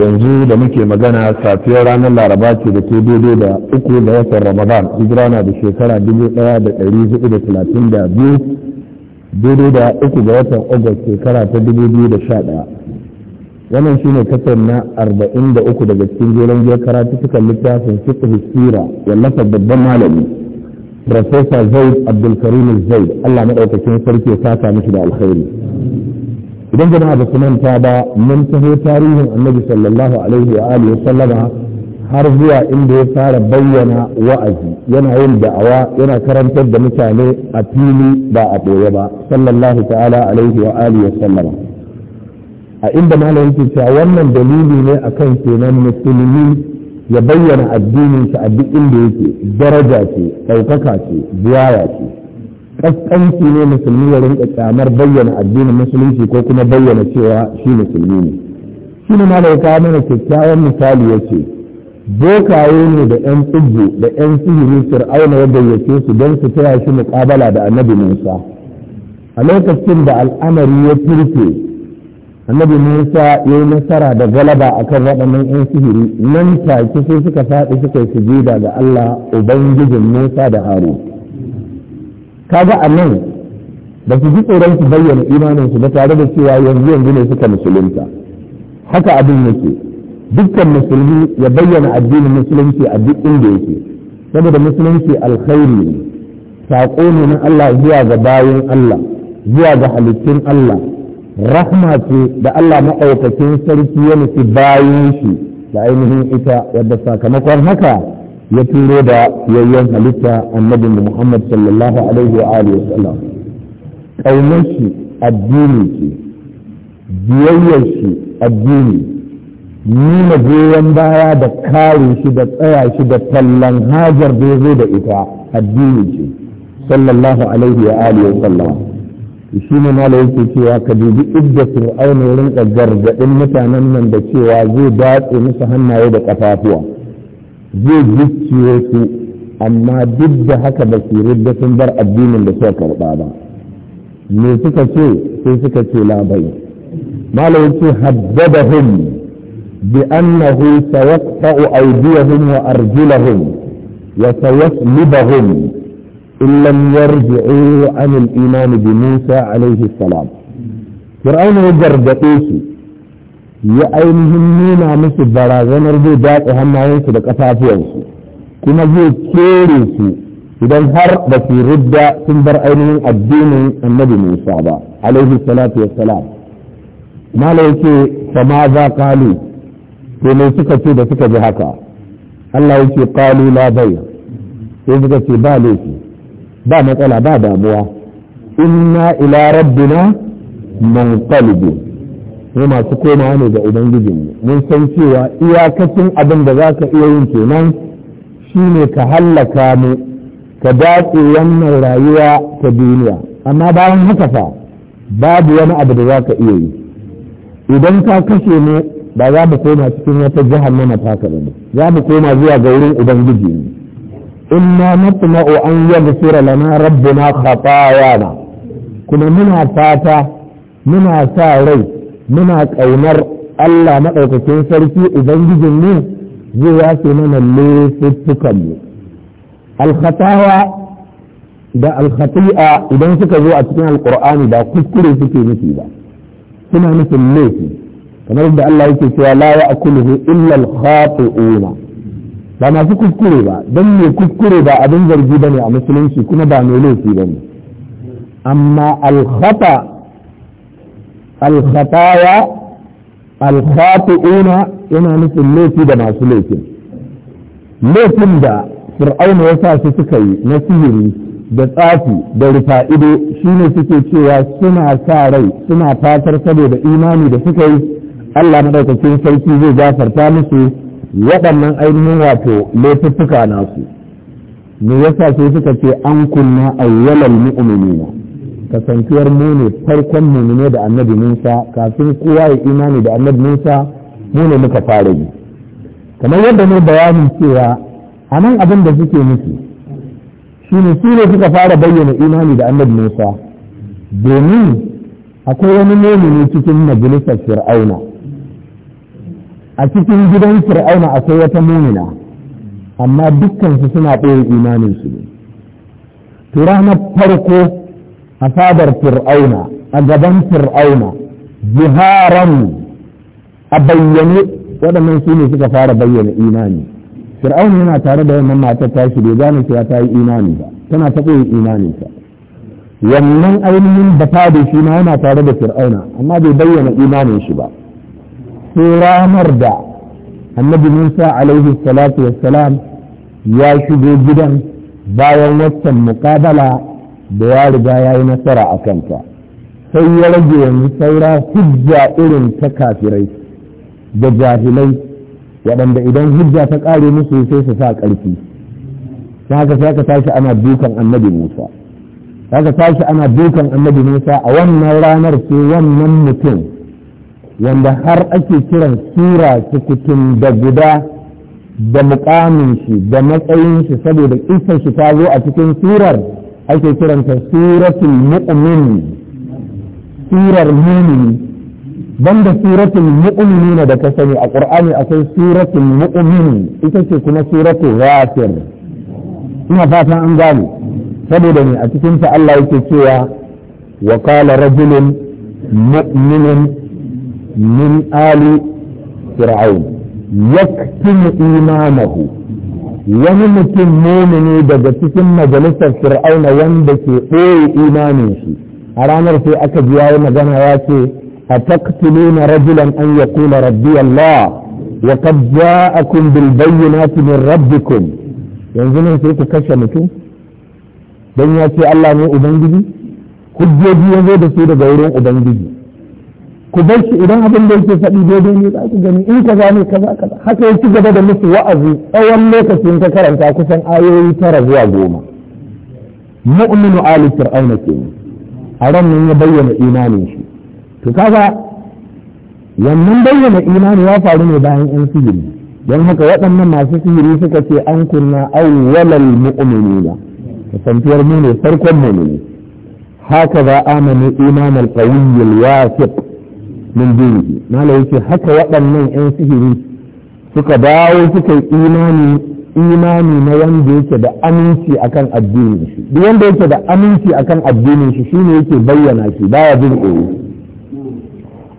yanzu da muke magana safiyar ranar laraba ce da ke daidai da uku da watan ramadan hijira na da shekara dubu daya da dari hudu da talatin da biyu daidai da uku ga watan agus shekara ta dubu biyu da sha daya wannan shine ne kasar na arba'in da uku daga cikin jeren jiyar karatukan littafin fiqh sira wallafa babban malami profesa zaid abdulkarim zaid allah maɗaukakin sarki ya saka mishi da alkhairi idan jama'a ba su manta ba mun taho tarihin annabi sallallahu alaihi wa alihi sallama har zuwa inda ya fara bayyana wa'azi yana yin da'awa yana karantar da mutane a fili ba a ɓoye ba sallallahu ta'ala alaihi wa alihi sallama a inda malam yake cewa wannan dalili ne akan kenan musulmi ya bayyana addininsa a duk inda yake daraja ce ɗaukaka ce ziyara ce kaskanci ne musulmi ya rinka kyamar bayyana addinin musulunci ko kuma bayyana cewa shi musulmi ne shi ne mai kawo mana kyakkyawan misali ya ce bokaye ne da yan tsibbu da yan sihiri fir'auna ya gayyace su don su tura shi muƙabala da annabi musa a lokacin da al'amari ya firke annabi musa ya yi nasara da galaba a kan waɗannan 'yan sihiri nan take sai suka faɗi suka yi sujida ga allah ubangijin musa da haru kaga a nan ba su ji tsoron su bayyana su ba tare da cewa yanzu yanzu ne suka musulunta haka abin yake dukkan musulmi ya bayyana addinin musulunci a duk inda yake saboda musulunci alkhairi ne saƙo ne na Allah zuwa ga bayan Allah zuwa ga halittun Allah rahma ce da Allah maɗaukakin sarki ya nufi bayan shi da ainihin ita wadda sakamakon haka ya turo da yayyan halitta annabi Muhammad sallallahu alaihi wa alihi wasallam kaunar shi addini ce biyayyar shi addini nuna goyon baya da kare shi da tsaya shi da tallan hajar da zo da ita addini ce sallallahu alaihi wa alihi wasallam shi ne mala yake cewa ka dubi idda fir'auna ya rinka gargadin mutanen nan da cewa zai datse musu hannaye da kafafuwa zai gicciye su amma duk da haka ba su ridda sun bar addinin da suka karɓa ba me suka ce sai suka ce labai malam ce haddadahum bi annahu sayaqqa'u aydiyahum wa arjulahum wa sayaslibahum in lam yarji'u an al-iman bi Musa alayhi salam fir'auna ya gargaɗe su ya ainihin nuna musu barazanar zai datse hannayensu da ƙafafuwansu kuma zai kere su idan har da su rudda sun bar ainihin addinin annabi musa ba alaihi salatu wassalam mala ce sama za kalu to me suka ce da suka ji haka allah ce kalu la bayya sai suka ce ba laifi ba matsala ba damuwa inna ila rabbina munqalibun mu masu komawa ne ga ubangijinmu mun san cewa iyakacin abin da za ka iya yin kenan shine ka hallaka mu ka dace wannan rayuwa ta duniya amma bayan haka fa babu wani abu da za ka iya yi idan ka kashe mu ba za mu koma cikin wata jahannama taka ba ne za mu koma zuwa ga wurin ubangiji ne inna natma'u an yaghfira lana rabbuna khatayana kuma muna fata muna sa rai muna ƙaunar Allah maɗaukakin sarki ubangijin mu zai yafe mana laifuffukan mu alkhatawa da alkhati'a idan suka zo a cikin alkur'ani ba kuskure suke nufi ba suna nufin laifi kamar da Allah yake cewa la ya'kuluhu illa al-khati'una ba masu kuskure ba don mai kuskure ba abin zargi ne a musulunci kuma ba mai laifi bane amma alkhata alkhataya ina yana nufin laifi da masu laifin laifin da fir'auna ya sa su suka yi na sihiri da tsafi da rufa ido shine suke cewa suna sa rai suna fatar saboda imani da suka yi Allah madaukakin sarki zai gafarta musu waɗannan ainihin wato laifuffuka nasu me yasa sai suka ce an kunna awwalal mu'minina kasantuwar mu ne farkon mumine da annabi Musa kafin kowa ya imani da annabi Musa mu ne muka fara yi kamar yadda ne bayanin cewa a nan abin da suke nufi shi ne su ne suka fara bayyana imani da annabi Musa domin akwai wani mumini cikin majalisar Fir'auna a cikin gidan Fir'auna akwai wata mumina amma dukkan su suna ɓoye imanin su ne to ranar farko a fadar fir'auna a gaban fir'auna jiharan a bayyane waɗannan su ne suka fara bayyana imani fir'auna yana tare da wannan matar tashi bai gane cewa ta yi imani ba tana ta koyi imaninsa wannan ainihin da fado shi ma yana tare da fir'auna amma bai bayyana imanin shi ba sai ranar da annabi musa alaihi salatu wassalam ya shigo gidan bayan waccan muƙabala da ya riga ya yi nasara a kanta sai ya rage yanzu saura hujja irin ta kafirai da jahilai waɗanda idan hujja ta ƙare musu sai su sa ƙarfi ta haka sai ka tashi ana dukan annabi musa haka tashi ana dukan annabi musa a wannan ranar ce wannan mutum wanda har ake kiran sura sukutun da guda da mukamin shi da matsayin shi saboda isar shi ta zo a cikin surar ake kiranta suratul mu'min surar mumini banda suratul mu'minin da ka sani a qur'ani akwai suratul mu'min ita ce kuma suratul ghafir ina fatan an gane saboda ne a cikin ta Allah yake cewa wa qala rajulun mu'minun min ali fir'aun yaktimu imanahu wani mutum mumini daga cikin majalisar fir'auna wanda ke ɓoye imanin shi a ranar sai aka ji yayi magana ya ce a taqtuluna rajulan an yaqula rabbi Allah wa qad ja'akum bil bayyinati min rabbikum yanzu ne sai ku kashe mutum dan ya ce Allah ne ubangiji hujjoji ya da su daga wurin ubangiji ku bar shi idan abin da yake faɗi daidai ne za ku gani in kaza ne kaza kaza haka ya ci gaba da musu wa'azi tsawon lokacin ka karanta kusan ayoyi tara zuwa goma mu'minu ali fir'auna kenan a ran nan ya bayyana imanin shi to kaga wannan bayyana imani ya faru ne bayan yan sihiri don haka waɗannan masu sihiri suka ce an kunna awwalal mu'minina kasancewar mu ne farkon mu'mini haka za amanu imanal qawiyyul wasiq min dinihi mala yake haka waɗannan yan sihiri suka dawo suka yi imani imani na wanda yake da aminci akan addinin shi duk wanda yake da aminci akan addinin shi shine yake bayyana shi baya jin tsoro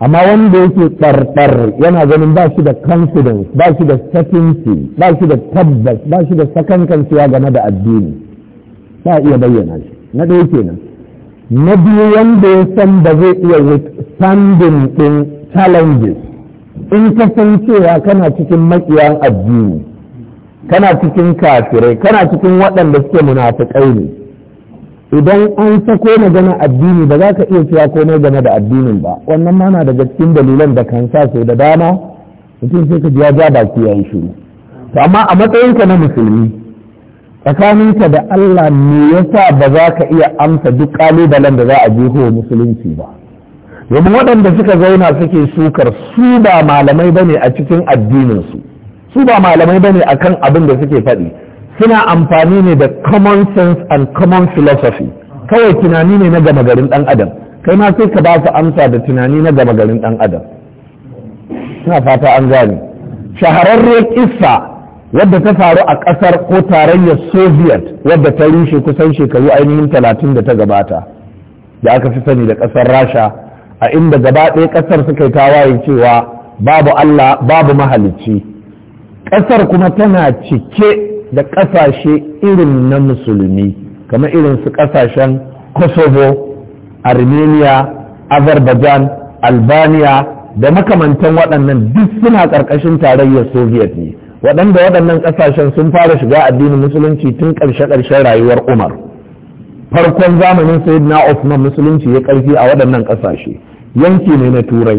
amma wanda yake tsartsar yana ganin ba shi da confidence ba shi da certainty ba shi da tabbas ba shi da sakankancewa game da addini ba iya bayyana shi na ɗaya kenan na biyu wanda ya san da zai iya withstanding ɗin challenges in ka san cewa kana cikin makiyan addini kana cikin kafirai kana cikin waɗanda suke munafiƙai ne idan an sako magana addini ba za ka iya cewa komai game da addinin ba wannan mana daga cikin dalilan da kan sa sai da dama mutum sai ka ji ya ja baki ya shiru to amma a matsayinka na musulmi tsakaninka da Allah me yasa ba za ka iya amsa duk ƙalubalen da za a wa musulunci ba domin waɗanda suka zauna suke sukar su ba malamai bane a cikin addininsu su ba malamai bane kan abin da suke faɗi suna amfani ne da common sense and common philosophy kawai tunani ne na gama garin ɗan adam kai ma sai ka ba su amsa da tunani na gama garin ɗan adam suna fata an gane shahararren kissa wadda ta faru a ƙasar ko tarayyar soviet wadda ta rushe kusan shekaru ainihin talatin da ta gabata da aka fi sani da ƙasar rasha a inda gaba ɗaya ƙasar suka yi tawaye cewa babu allah babu mahalicci ƙasar kuma tana cike da ƙasashe irin na musulmi kamar irin su ƙasashen kosovo armenia azerbaijan albania da makamantan waɗannan duk suna ƙarƙashin tarayyar soviet ne waɗanda waɗannan ƙasashen sun fara shiga addinin musulunci tun ƙarshe-ƙarshen rayuwar umar farkon zamanin sayyidina Osman musulunci ya ƙarfi a waɗannan ƙasashe yanki ne na turai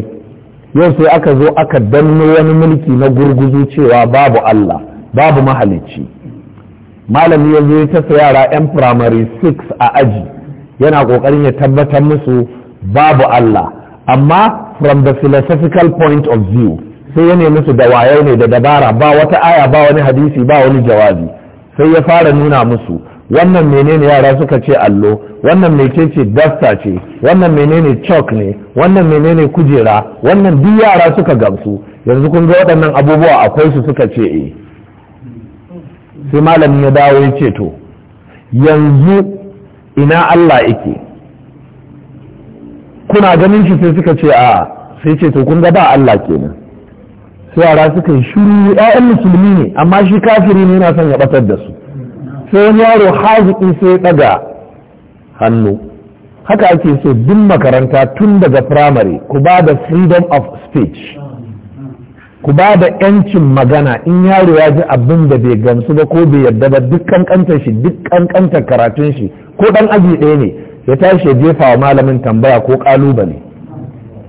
yau sai aka zo aka danno wani mulki na gurguzu cewa babu allah babu mahalicci malami ya zo ya tasa yara 'yan firamare 6 a aji yana ƙoƙarin ya tabbatar musu babu allah amma from the philosophical point of view sai ya nemi su da wayar ne da dabara ba wata aya ba wani hadisi ba wani jawabi sai ya fara nuna musu wannan menene yara suka ce allo wannan mecece dasta ce wannan menene chalk ne wannan menene kujera wannan duk yara suka gamsu yanzu kun ga waɗannan abubuwa akwai su suka ce eh sai malamin ya dawo ya ce to yanzu ina Allah yake kuna ganin shi sai suka ce a sai ce to kun ga ba Allah kenan yara suka yi shuru ‘ya'yan musulmi ne amma shi kafiri ne yana son ya batar da su sai wani yaro haziki sai ya ɗaga hannu haka ake so duk makaranta tun daga firamare ku ba da freedom of speech ku ba da ‘yancin magana in yaro ya ji abin da bai gamsu ba ko bai yarda ba duk kankantar shi duk kankantar karatun shi ko ɗan aji ɗaya ne ya tashi ya jefa wa malamin tambaya ko ƙalubale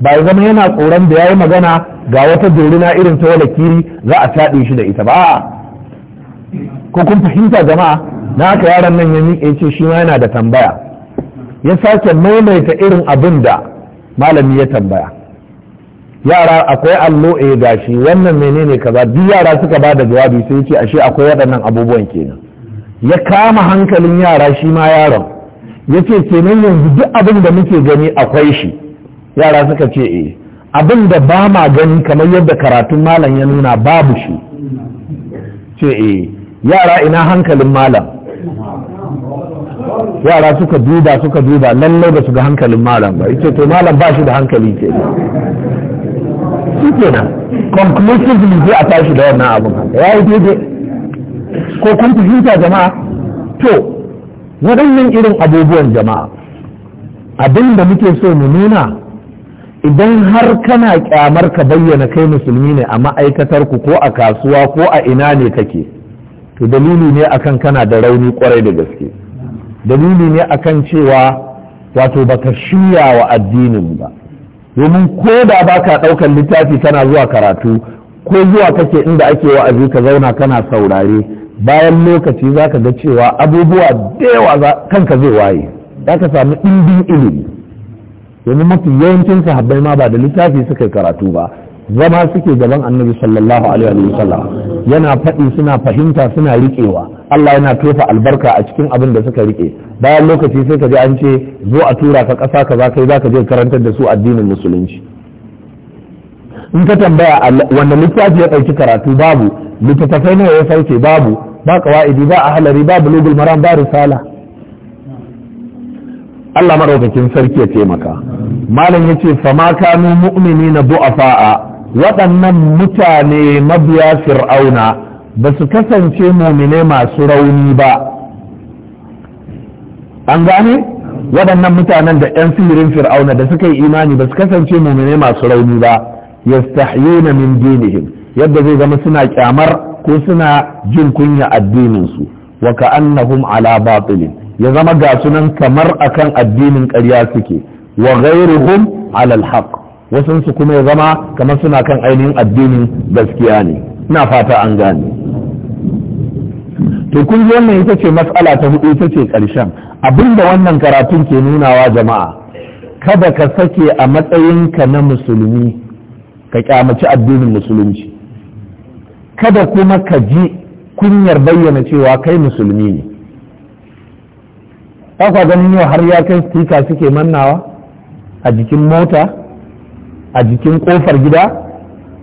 ba ya zama yana tsoron da ya yi magana ga wata dorina irin ta wala kiri za a taɗe shi da ita ba ko kun fahimta jama'a na aka yaron nan ya miƙe ce shi ma yana da tambaya ya sake maimaita irin abin da malami ya tambaya yara akwai allo e eh, shi. wannan menene kaza duk yara suka ba da jawabi sai ce ashe akwai waɗannan abubuwan kenan ya kama hankalin yara shi ma yaron ya ce kenan yanzu duk abin da muke gani akwai shi yara suka ce e abin da ba ma gani kamar yadda karatun malam ya nuna babu shi ce e yara ina hankalin malam yara suka duba suka duba lallai ba su ga hankalin malam ba ce to malam ba shi da hankali ke shi kenan conclusively zai a tashi da wannan abin ya yi daidai ko kun fahimta jama'a to waɗannan irin abubuwan jama'a abin da muke so mu nuna idan har kana kyamar ka bayyana kai musulmi ne a ma'aikatar ku ko a kasuwa ko a ina ne kake to dalili ne akan kana da rauni kwarai da gaske dalili ne akan cewa wato baka shirya wa addinin ba domin ko da baka ɗaukar littafi kana zuwa karatu ko zuwa kake inda ake wa'azi ka zauna kana saurare bayan lokaci zaka ga cewa abubuwa da yawa kanka zai waye zaka ka samu ɗimbin ilimi domin mafi yawancin sahabbai ma ba da littafi suka karatu ba zama suke gaban annabi sallallahu alaihi wa sallam yana faɗi suna fahimta suna riƙewa Allah yana tofa albarka a cikin abin da suka riƙe bayan lokaci sai ka ji an ce zo a tura ka ƙasa ka kai za ka je karantar da su addinin musulunci in ka tambaya wanda littafi ya ɗauki karatu babu littattafai nawa ya sauke babu ba kawa'idi ba ahlari ba bulugul maram ba risala Allah madaukakin sarki ya taimaka malam yace fa ma kanu mu'minina du'afa'a waɗannan mutane mabiya fir'auna ba su kasance mumine masu rauni ba an gane waɗannan mutanen da 'yan sihirin fir'auna da suka yi imani ba su kasance mumine masu rauni ba yastahyuna min dinihim yadda zai zama suna kyamar ko suna jin kunya addininsu wa ka'annahum ala batilin ya zama ga sunan kamar akan addinin ƙarya suke wa ghairuhum alal haqq wasun kuma ya zama kamar suna kan ainihin addinin gaskiya ne ina fata an gane to kun ji wannan ita ce matsala ta hudu ita ce karshen abinda wannan karatun ke nunawa jama'a kada ka sake a matsayin ka na musulmi ka kyamaci addinin musulunci kada kuma ka ji kunyar bayyana cewa kai musulmi ne ba ganin yau har ya kai stika suke mannawa a jikin mota a jikin kofar gida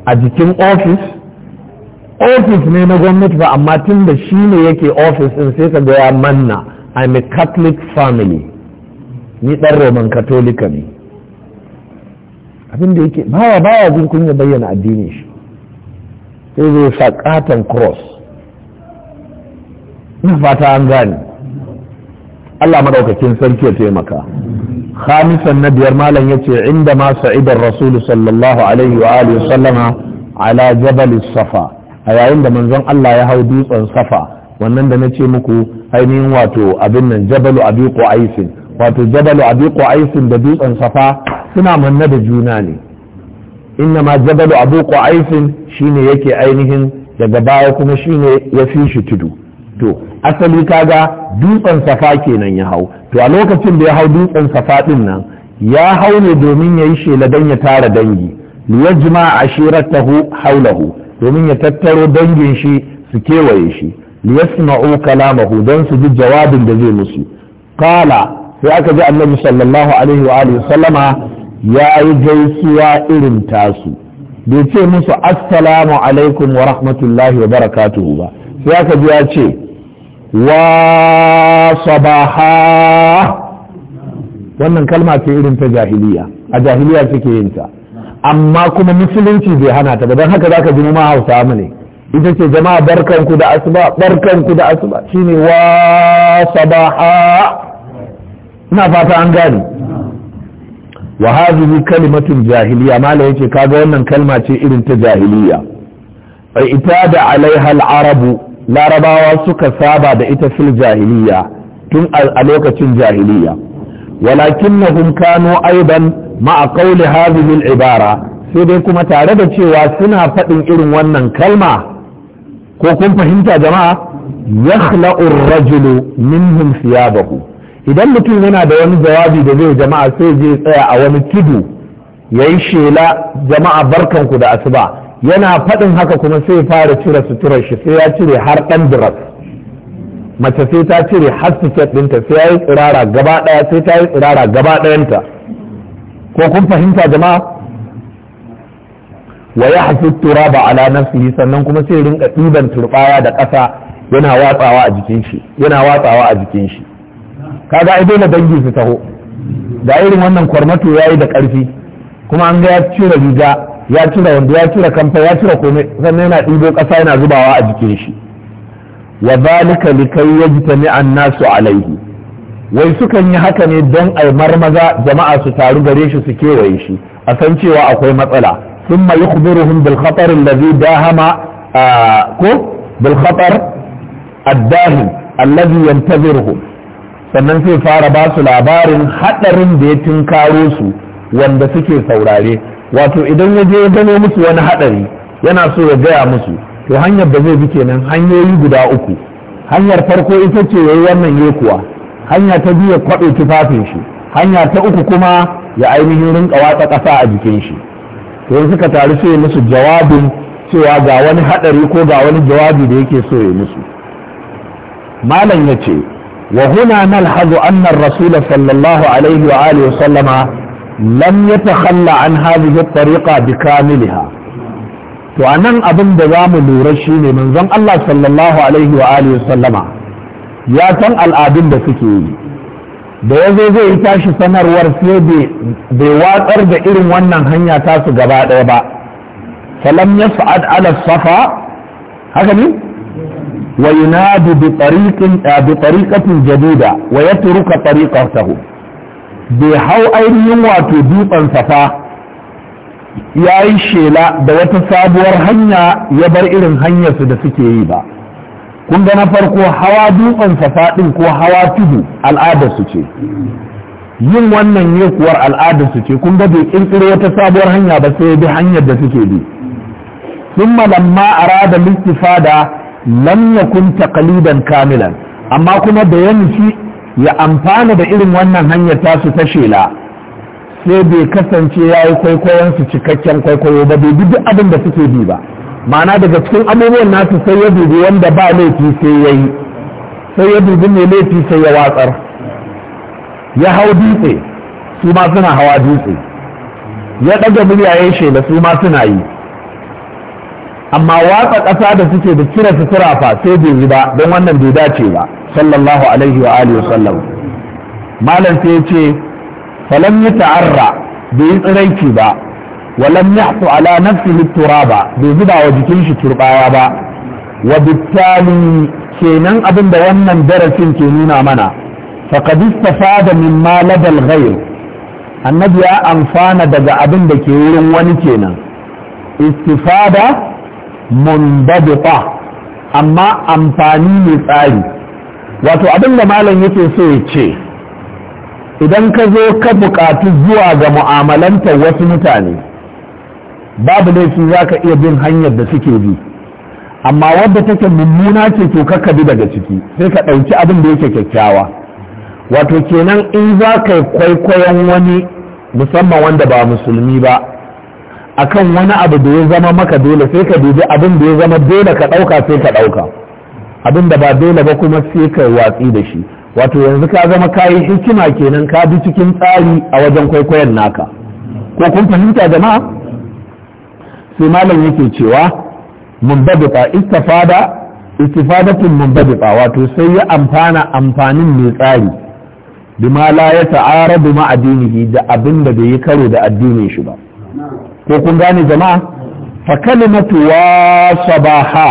a jikin ofis ofis ne na gwamnati ba amma tun da shi ne yake ofis din sai ka ga ya manna i'm a catholic family ni dan roman katolika ne abin da yake baya baya jin kunya bayyana addinin shi sai zai sa katon cross na fata an gani. Allah madaukakin sarki ya taimaka khamisan na biyar malam yace inda ma sa'idar rasul sallallahu alaihi wa alihi sallama ala Jabali safa a yayin da manzon Allah ya hau dutsen safa wannan da ce muku ainihin wato abin nan jabalu abi Aisin, wato jabalu abi Aisin da dutsen safa suna manna da juna ne inna ma jabalu abu Aisin shine yake ainihin daga baya kuma shine ya fi shi tudu to asali kaga dutsen safa kenan ya hau to a lokacin da ya hau dutsen safa din nan ya hau ne domin ya yi shela dan ya tara dangi liyajma ashiratahu haulahu domin ya tattaro dangin shi su kewaye shi liyasma'u kalamahu don su ji jawabin da zai musu qala sai aka ji annabi sallallahu alaihi wa alihi sallama ya yi gaisuwa irin tasu bai ce musu assalamu alaikum wa rahmatullahi wa barakatuhu ba ya ka ya ce wa sabaha wannan kalma ce irin ta jahiliya a jahiliya suke yin ta amma kuma musulunci bai hana ta don haka zaka ji ma hausa mu ne ita ce jama'a barkanku da asuba barkanku da asuba shine wa sabaha ina fata an gani wa hadhihi kalimatun jahiliya mala yace kaga wannan kalma ce irin ta jahiliya ita da alaihal arabu larabawa suka saba da ita fil jahiliya tun a lokacin jahiliya walakin kanu aidan ma'a qawli hadhihi ibara sai dai kuma tare da cewa suna faɗin irin wannan kalma ko kun fahimta jama'a yakhla'u ar-rajulu minhum thiyabahu idan mutum yana da wani jawabi da zai jama'a sai zai tsaya a wani tudu yayi shela jama'a barkanku da asuba yana faɗin haka kuma sai fara cire suturar shi sai ya cire har ɗan biras mace sai ta cire har siket ɗinta sai ya yi tsirara gaba ɗaya sai ta yi tsirara gaba ɗayanta ko kun fahimta jama'a wa ya hafi turaba ala nafsihi sannan kuma sai rinka ɗiban turbaya da ƙasa yana watsawa a jikin shi kaga ai dole dangi su taho da irin wannan kwarmato yayi da ƙarfi kuma an ga ya cire riga ya cire wanda ya cire kamfa ya cire komai sannan yana ɗibo ƙasa yana zubawa a jikin shi wa zalika likai yajtami an-nasu alaihi wai sukan yi haka ne don ai marmaza jama'a su taru gare shi su kewaye shi a san cewa akwai matsala thumma yukhbiruhum bil khatar alladhi dahama ko bil khatar ad-dahim sannan sai fara ba su labarin hadarin da ya tunkaro su wanda suke saurare wato idan ya je ya gano musu wani haɗari yana so ya gaya musu to hanyar da zai bi kenan hanyoyi guda uku hanyar farko ita ce yayi wannan ya kuwa hanya ta biyu ya kwaɗe tufafin shi hanya ta uku kuma ya ainihin rinka watsa ƙasa a jikin shi to yanzu suka taru sai musu jawabin cewa ga wani haɗari ko ga wani jawabi da yake so ya musu malam ya ce wa huna nalhazu anna rasula sallallahu alaihi wa alihi wa sallama lam ya takhalla an hadhihi tariqa bi kamiliha to anan abin da za mu lura shine manzon Allah sallallahu alaihi wa alihi sallama ya san al'adun da suke yi da ya zo zai yi tashi sanarwar sai bai watsar da irin wannan hanya ta su gaba ɗaya ba falam ya sa'ad ala safa haka ne wa yunadu bi tariqin bi tariqatin jadida wa yatruka tariqatahu bai hau ainihin wato dutsen safa ya yi shela da wata sabuwar hanya ya bar irin hanyarsu da suke yi ba kun ga na farko hawa dutsen safa ɗin ko hawa tudu al'adarsu ce yin wannan yekuwar al'adarsu ce kun ga bai ƙirƙiro wata sabuwar hanya ba sai bi hanyar da suke bi sun lamma arada da lam yakun taqlidan kamilan amma kuma da ya ya amfana da irin wannan hanyar tasu ta shela sai bai kasance ya yi kwaikwayon su cikakken kwaikwayo ba bai duk abin da suke bi ba ma'ana daga cikin abubuwan nasu sai ya dubi wanda ba laifi sai ya yi sai ya dubi mai laifi sai ya watsar ya hau dutse su ma suna hawa dutse ya ɗaga murya ya shela su ma suna yi amma watsa ƙasa da suke da cire sutura fa sai bai yi ba don wannan bai dace ba sallallahu alaihi wa alihi wa sallam malam sai ce falam ya ta'arra bai yi tsiraici ba walam yahtu ala nafsihi ba. bai zuba wa jikin shi turbaya ba wa bittali kenan abin da wannan darasin ke nuna mana faqad fada min ladal ghayr annabi ya amfana daga abin da ke wurin wani kenan istifada munbadita amma amfani mai tsari wato abin da malam yake so ya ce idan ka zo ka buƙatu zuwa ga mu'amalantar wasu mutane babu laifi za ka iya bin hanyar da suke bi amma wadda take mummuna ce to ka bi daga ciki sai ka ɗauki abin da yake kyakkyawa wato kenan in za ka kwaikwayon wani musamman wanda ba musulmi ba akan wani abu da ya zama maka dole sai ka dubi abin da ya zama dole ka ɗauka sai ka ɗauka abin da ba dole ba kuma sai ka watsi da shi wato yanzu ka zama kayi hikima kenan ka bi cikin tsari a wajen kwaikwayon naka ko kun fahimta jama'a sai malam yake cewa mumbabita istifada istifadatun mumbabita wato sai ya amfana amfanin mai tsari bima la ya ta'aradu ma da abin da bai yi karo da addinin shi ba ko kun gane jama'a fa kalimatu wa sabaha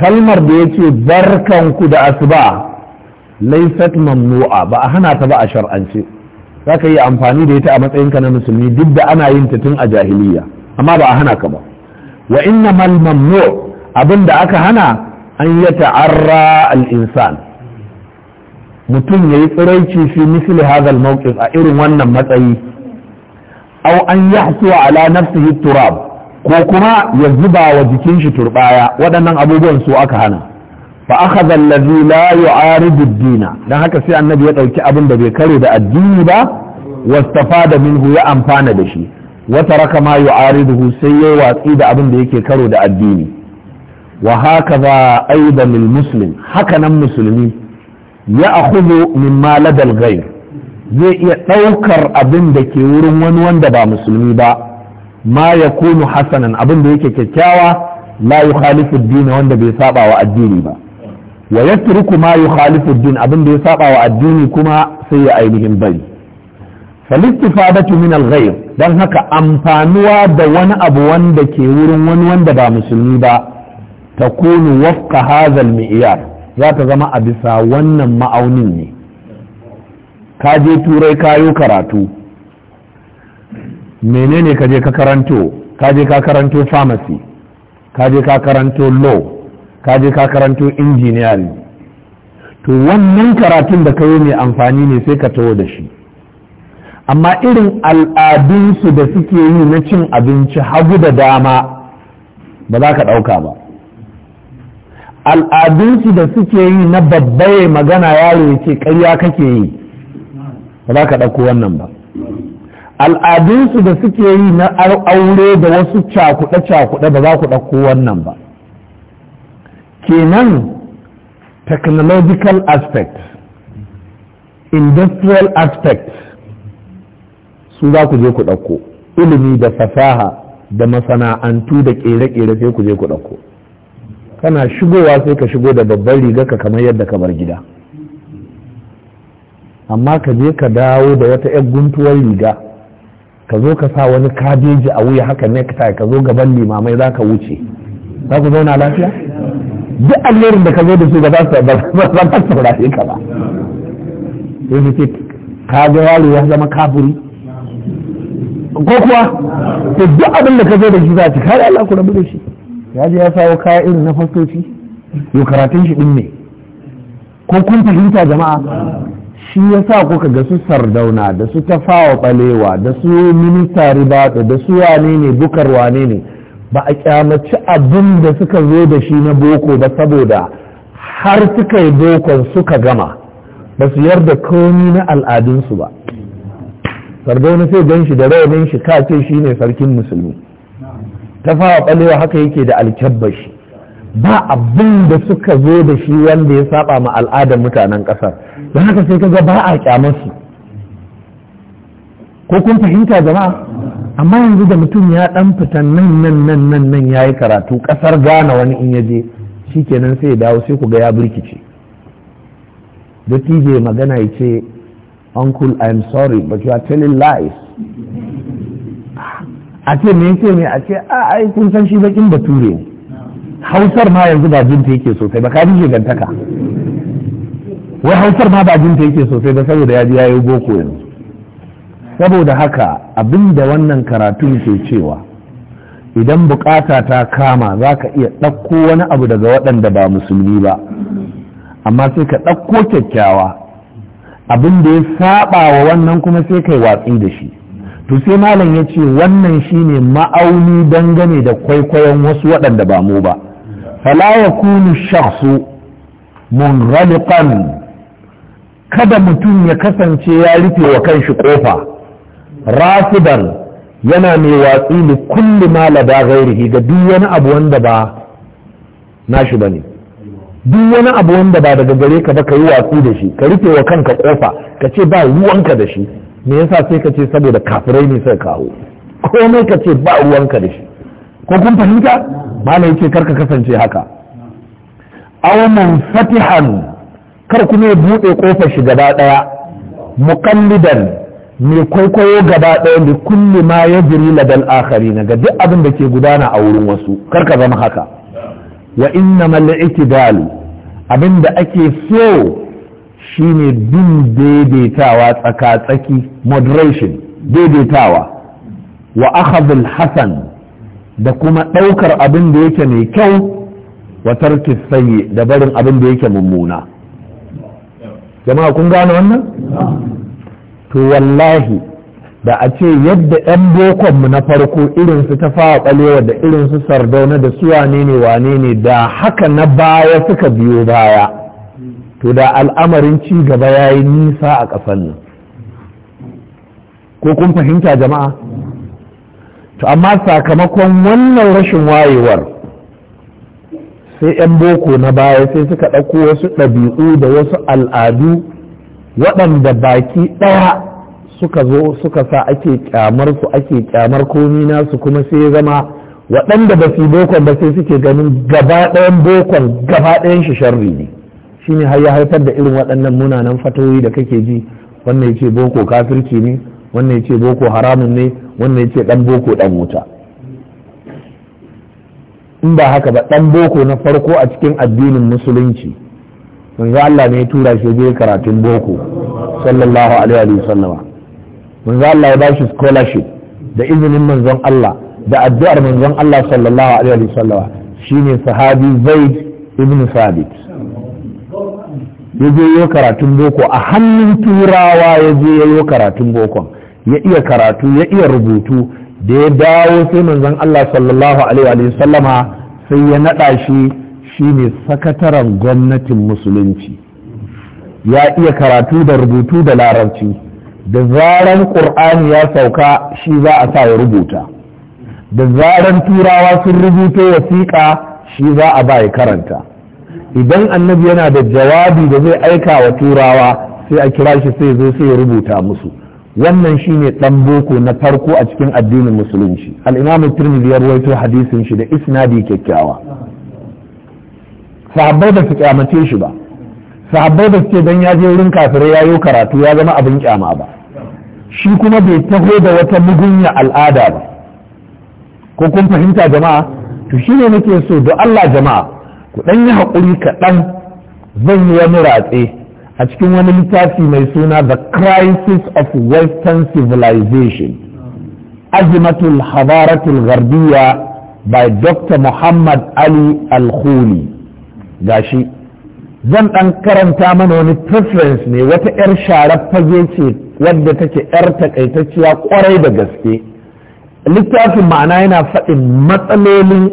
kalmar da yake barkanku da asuba laysat mamnu'a ba a hana ta ba a shar'ance za ka yi amfani da ita a matsayinka na musulmi duk da ana yin ta tun a jahiliya amma ba a hana ka ba wa inna mal mamnu abin da aka hana an ya ta'arra al-insan mutum yayi tsiraici fi misli hadha al a irin wannan matsayi au an yahsu ala nafsihi turab ko kuma ya zuba wa jikin shi turbaya waɗannan abubuwan su aka hana fa akhadha allazi la yu'aridu ad-dina dan haka sai annabi ya dauki abin da bai kare da addini ba wastafada minhu ya amfana da shi wa taraka ma yu'ariduhu sai ya watsi da abin da yake karo da addini wa hakaza aidan lil muslim haka nan musulmi ya akhudhu mimma ladal ghayr zai iya ɗaukar abin da ke wurin wani wanda ba musulmi ba ma ya kunu hasanan abin da yake kyakkyawa la yukhalifu dina wanda bai saba wa addini ba wa yatruku ma yukhalifu din abin da ya saba wa addini kuma sai ya ainihin bari falistifadatu min al dan haka amfanuwa da wani abu wanda ke wurin wani wanda ba musulmi ba takunu wafqa hadha al za ta zama a bisa wannan ma'aunin ne ka je turai kayo karatu menene ka je ka karanto ka je ka karanto pharmacy ka je ka karanto law ka je ka karanto engineering to wannan karatun da ka yi mai amfani ne sai ka taho da shi amma irin al'adunsu da suke yi na cin abinci hagu da dama ba za ka ɗauka ba al'adunsu da suke yi na babbaye magana yaro ya ce ƙarya kake yi ba za ka ɗauko wannan ba al'adunsu da suke yi na aure da wasu cakuɗe-cakuɗe ba za ku ɗauko wannan ba kenan technological aspect industrial aspect su za ku je ku ɗauko ilimi da fasaha da masana'antu da ƙere-ƙere sai ku je ku ɗauko kana shigowa sai ka shigo da babbar riga ka kamar yadda ka bar gida. amma ka je ka dawo da wata 'yar guntuwar riga ka zo ka sa wani kabeji a wuya haka ne ka zo gaban limamai za ka wuce za ku zauna lafiya duk allurin da ka zo da su ba za su saurare ka ba sai ce ka ga yaro ya zama kafuri ko kuwa to duk abin da ka zo da shi za ci kare Allah ku rabu da shi ya je ya sawo kaya irin na fastoci yau karatun shi din ne ko kun fahimta jama'a shi yasa kuka ga su sardauna da su tafawa balewa da su minista ribato da su wane ne bukar wane ne ba a kyamaci abin da suka zo da shi na boko ba saboda har suka yi bokon suka gama ba su yarda komi na al'adunsu ba sardauna sai gan shi da raunin shi kace shi ne sarkin musulmi tafawa balewa haka yake da shi. ba abin da suka zo da shi wanda ya saba ma al'adar mutanen ƙasar don haka sai kaga ba a kyamarsu ko kun fahimta jama'a amma yanzu da mutum ya dan fita nan nan nan nan nan ya yi karatu ƙasar gana wani in ya je kenan sai ya dawo sai ku ga ya birkice dattijo magana ya ce uncle i'm sorry but you are telling lies a ce me ya ce ne a ce a ai kun san shi bakin bature ne hausar ma yanzu ba jinta yake sosai ba kaji shigantaka wai hausar ma ba jinta yake sosai ba saboda ya ji ya yi boko yanzu saboda haka abin da wannan karatun ke cewa idan bukata ta kama za ka iya ɗauko wani abu daga waɗanda ba musulmi ba amma sai ka ɗauko kyakkyawa abin da ya saba wa wannan kuma sai kai watsi da shi to sai malam ya ce wannan shine ma'auni dangane da kwaikwayon wasu waɗanda ba mu ba fala ya kunu shakhsu kada mutum ya kasance ya rufe wa kanshi kofa rafidan yana mai watsi ne kulli ma lada ghairihi ga duk wani abu wanda ba nashi duk wani abu wanda ba daga gare ka ba ka yi watsi da shi ka rufe wa kanka kofa ka ce ba ruwanka da shi me yasa sai ka ce saboda kafirai ne sai kawo komai ka ce ba ruwanka da shi ko kun fahimta malam yake karka kasance haka aw fatihan kar kuma ya buɗe kofar shi gaba ɗaya muqallidan mai kwaikwayo gaba ɗaya da kulli ma ya jiri ladal akhari na ga duk abin da ke gudana a wurin wasu karka zama haka wa inna mal iktidalu abin da ake so shine bin daidaitawa tsaka-tsaki moderation daidaitawa wa akhadhul hasan da kuma ɗaukar abin da yake mai kyau wa tarki da barin abin da yake mummuna jama'a kun gane wannan to wallahi da a ce yadda 'yan bokonmu na farko irinsu ta fawa ɓalewa da irinsu sardauna da su wane ne wane ne da haka na baya suka biyo baya to da al'amarin ci gaba ya yi nisa a ƙasar nan ko kun fahimta jama'a to amma sakamakon wannan rashin wayewar sai 'yan boko na baya sai suka ɗauko wasu ɗabi'u da wasu al'adu waɗanda baki ɗaya suka zo suka sa ake kyamar su ake kyamar komi nasu kuma sai ya zama waɗanda ba su bokon ba sai suke ganin gaba ɗayan bokon gaba ɗayan shi sharri ne shine har ya haifar da irin waɗannan munanan fatoyi da kake ji wannan ya ce boko kafirci ne wannan ya ce boko haramun ne wannan ya ce dan boko dan wuta in ba haka ba dan boko na farko a cikin addinin musulunci manzo Allah ne ya tura shi je karatun boko sallallahu alaihi wa sallama manzo Allah ya ba shi scholarship da izinin manzon Allah da addu'ar manzon Allah sallallahu alaihi wa sallama shine sahabi Zaid ibn Sabit ya je yi karatun boko a hannun turawa ya je ya yi karatun bokon ya iya karatu ya iya rubutu da ya dawo sai manzon Allah sallallahu alaihi wa sallama sai ya nada shi shine sakataren gwamnatin musulunci ya iya karatu da rubutu da larabci da zaran qur'ani ya sauka shi za a sa ya rubuta da zaran turawa sun rubuto wasiƙa shi za a ba ya karanta idan annabi yana da jawabi da zai aika wa turawa sai a kira shi sai zo sai ya rubuta musu wannan shine ɗan boko na farko a cikin addinin musulunci al-imam ya hadisin shi da isnadi kyakkyawa sahabbai ba su kyamace shi ba sahabbai ba su ce dan ya je wurin kafirai yayo karatu ya zama abin kyama ba shi kuma bai taho da wata mugunya al'ada ba ko kun fahimta jama'a to ne nake so da Allah jama'a ku ɗan yi hakuri kaɗan zan yi wani ratse a cikin wani littafi mai suna the crisis of western civilization azimatul hadaratul gardiya by dr muhammad ali al-khuli gashi zan ɗan karanta mana wani preference ne wata 'yar sharar fage ce wadda take 'yar takaitacciya kwarai da gaske littafin ma'ana yana faɗin matsalolin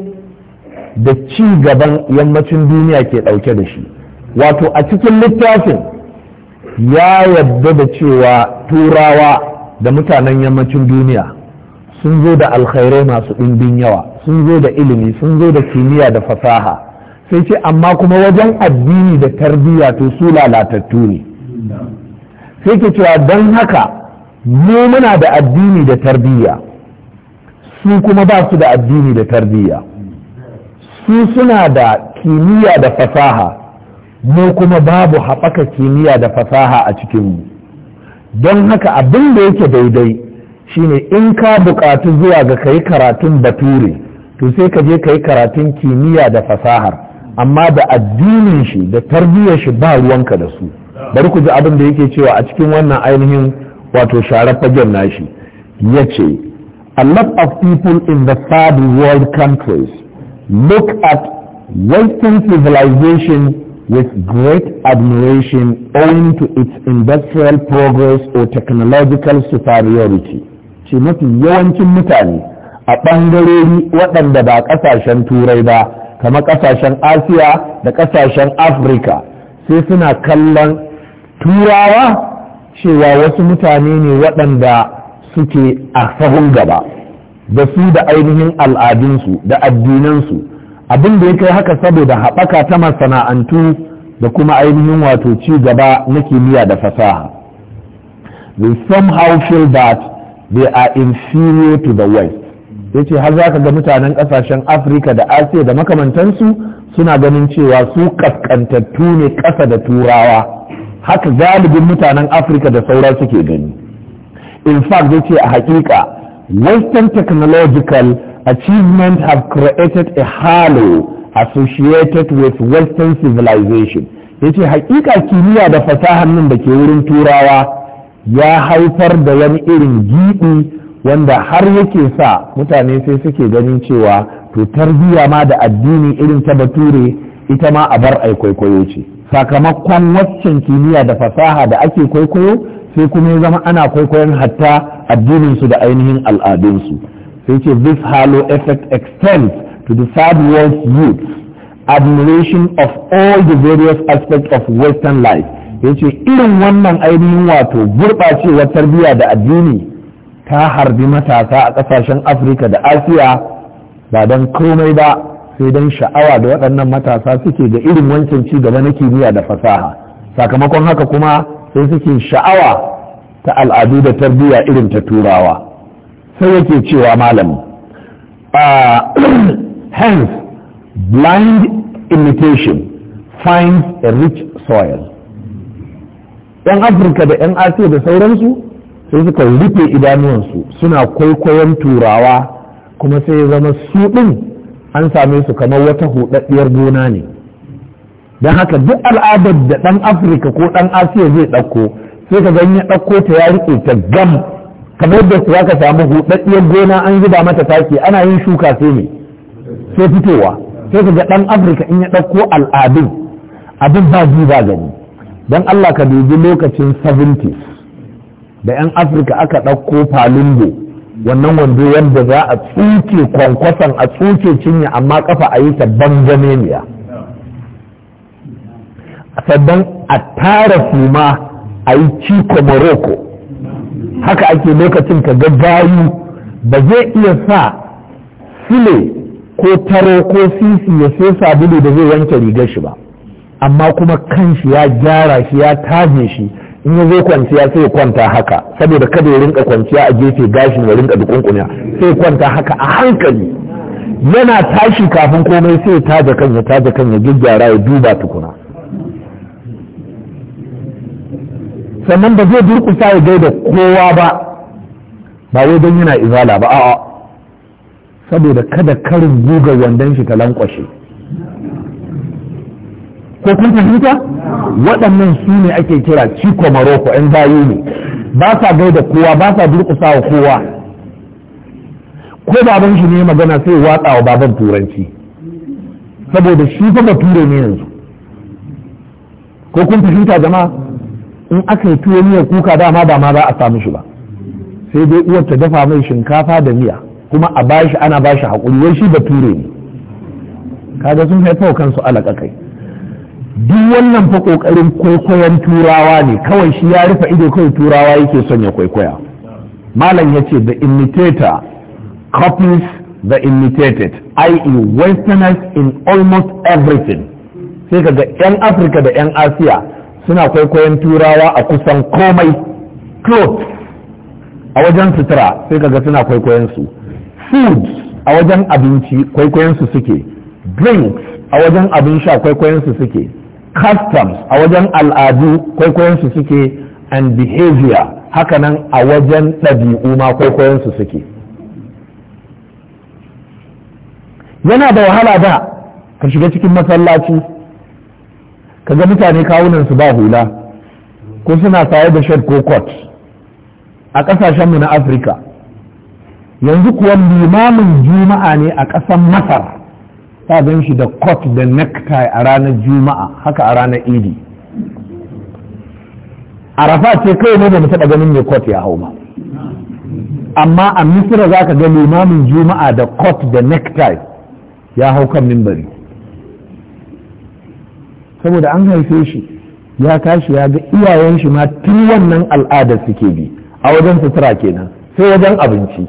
da ci gaban yammacin duniya ke ɗauke da shi wato a cikin littafin ya yadda da cewa turawa da mutanen yammacin duniya sun zo da alkhairai masu ɗimbin yawa sun zo da ilimi sun zo da kimiyya da fasaha sai ce amma kuma wajen addini da tarbiyya to su lalatattu ne sai ke cewa don haka mu muna da addini da tarbiyya su kuma ba su da addini da tarbiyya su suna da kimiyya da fasaha mu kuma babu haɓaka kimiyya da fasaha a cikinmu don haka abin da yake daidai shine in ka buƙatu zuwa ga kayi karatun bature to sai ka je ka yi karatun kimiyya da fasahar amma da addinin shi da tarbiyyar shi ba ruwanka da su bari ku ji abin da yake cewa a cikin wannan ainihin wato sharar fagen nashi ya ce a lot of people in the third world countries look at western civilization with great admiration owing to its industrial progress or technological superiority ce mafi yawancin mutane a ɓangarori waɗanda ba ƙasashen turai ba kamar ƙasashen asiya da ƙasashen afirka sai suna kallon turawa cewa wasu mutane ne waɗanda suke a sahun gaba da su da ainihin al'adunsu da addinansu abin da ya kai haka saboda haɓaka ta masana'antu da kuma ainihin wato ci gaba na kimiyya da fasaha they somehow feel that they are inferior to the west ya ce har za ka ga mutanen ƙasashen afirka da asiya da makamantansu suna ganin cewa su kaskantattu ne ƙasa da turawa haka galibin mutanen afirka da saura suke gani in fact ya ce a hakika western technological achievements have created a halo associated with western civilization yace haƙiƙa kimiyya da fasahar nan da ke wurin turawa ya haifar da wani irin giɓi wanda har yake sa mutane sai suke ganin cewa to tarbiyya ma da addini irin ta bature ita ma a bar ai kwaikwayo ce sakamakon waccan kimiyya da fasaha da ake kwaikwayo sai kuma ya zama ana kwaikwayon hatta addininsu da ainihin al'adunsu sai ce this halo effect extends to the third world's youth admiration of all the various aspects of western life ya ce irin wannan ainihin wato gurɓacewar tarbiyya da addini ta harbi matasa a ƙasashen afirka da asiya ba don komai ba sai don sha'awa da waɗannan matasa suke da irin wancan ci gaba na kimiyya da fasaha sakamakon haka kuma sai suke sha'awa ta al'adu da tarbiyya irin ta turawa sai yake cewa malam, ah, hence blind imitation finds a rich soil yan afirka da yan asiya da sauransu sai suka rufe idanuwansu suna kwaikwayon turawa kuma sai zama su ɗin an same su kamar wata hudaddiyar gona ne don haka duk al'adar da ɗan afirka ko ɗan asiya zai ɗauko sai ka ganye ɗauko ta ya riƙe ta gam kamar yadda su zaka samu hudaddiyar gona an zuba mata taki ana yin shuka sai ne sai fitowa sai ka ga dan afirka in ya ɗauko al'adun abin ba ji ba gani don allah ka dubi lokacin 70 s da 'yan afirka aka ɗauko palumbo wannan wando wanda za a tsuke kwankwason a tsuke cinya amma kafa a yi ta bangameniya sabon a tara suma a yi ciko morocco haka ake lokacin ka gaggayu ba zai iya sa sile ko taro ko sisi ya sai sabulu da zai wanke rigar shi ba amma kuma kan shi ya gyara shi ya taje shi in ya zo kwanciya sai ya kwanta haka saboda kada ya rinka kwanciya a gefe gashin ya rinka dukunkuniya sai kwanta haka a hankali yana tashi kafin komai sai ya taje kan ya taje kan ya gyaggyara ya duba tukuna sannan ba zai durkusa ya gaida kowa ba ba wai don yana izala ba a'a saboda kada karin guga wandon shi ta lankwashe ko kun fahimta waɗannan su ne ake kira ciko maroko 'yan bayu ne ba sa gaida kowa ba sa durkusa wa kowa ko baban shi ne magana sai watsa wa baban turanci saboda shi fa bature ne yanzu ko kun fahimta jama'a in aka yi tuwo miyar kuka dama ba za a samu shi ba sai dai uwar ta dafa mai shinkafa da miya kuma a bashi ana bashi haƙuri wai shi bature ne kaga sun haifa kansu alaƙa kai duk wannan fa kokarin kwaikwayon turawa ne kawai shi ya rufe ido kawai turawa yake son ya kwaikwaya malam ya ce the imitator copies the imitated i.e. westerners in almost everything sai kaga yan afirka da yan asiya suna kwaikwayon turawa a kusan komai clothes a wajen sutura sai kaga suna kwaikwayon su food a wajen abinci kwaikwayon su suke drinks a wajen abin sha kwaikwayon su suke customs a wajen al'adu kwaikwayon su suke and behavior hakanan a wajen ɗabi'u ma kwaikwayon su suke yana da wahala da ka shiga cikin masallaci kaga mutane kawunan su ba hula ko suna saye da shed ko court a kasashen mu na afirka yanzu kuwa limamin juma'a ne a ƙasan masar ta gan shi da court da necktie a ranar juma'a haka a ranar idi arafa ce kawai ne da mu taɓa ganin mai court ya hau ma, amma a misira za ka ga limamin juma'a da court da necktie ya hau kan mimbari saboda an haife shi ya kashi ya ga iyayen shi ma tun wannan al'adar suke bi a wajen sutura kenan sai wajen abinci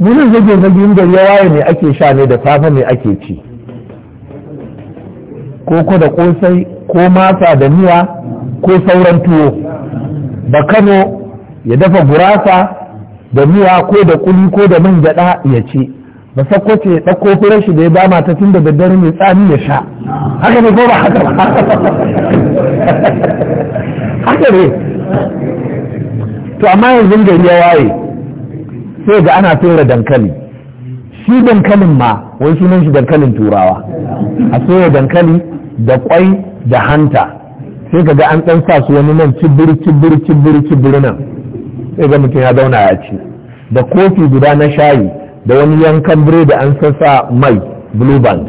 mutum zage zage da yawa ne ake sha ne da safe ne ake ci koko da kosai ko masa da miya ko sauran tuwo da kano ya dafa gurasa da miya ko da kuli ko da man gyada ya ci ba sako ce ya ɗauko furen shi da ya bama ta tun da daddare mai tsani ya sha haka ne ko ba haka ba haka ne to amma yanzu gari ya waye sai ga ana tura dankali shi dankalin ma wai sunan shi dankalin turawa a soya dankali da kwai da hanta sai ka ga an ɗan sa su wani nan cibiri cibiri cibiri cibiri nan sai ga mutum ya zauna ya ci da kofi guda na shayi da wani yankan biredi an sassa mai blue band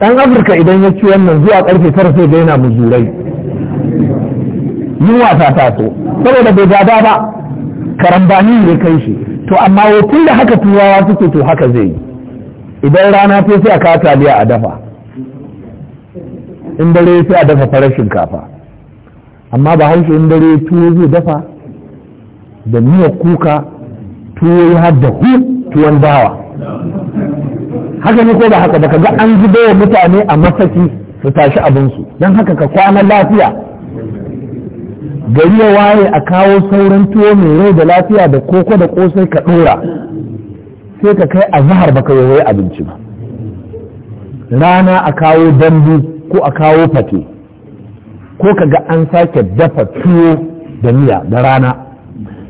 ɗan afirka idan ya ci wannan zuwa karfe tara sai ga yana muzurai yin wasa so saboda bai gada ba karambani ne kai shi to amma tun da haka turawa suke to haka zai yi idan rana sai sai a kawo taliya a dafa in dare sai a dafa farar shinkafa amma ba haushe in dare tuwo zai dafa da miyar kuka shi ya yi hadda da ku tuwon dawa haka ne ko da haka daga ga an zubo wa mutane a masaki su tashi abinsu don haka ka kwana lafiya gari ya waye a kawo sauran tuwo mai rai da lafiya da koko da kosai ka ɗora sai ka kai a zahar baka yawai abinci ba rana a kawo dambu ko a kawo fate ko ka ga an sake dafa tuwo da miya da rana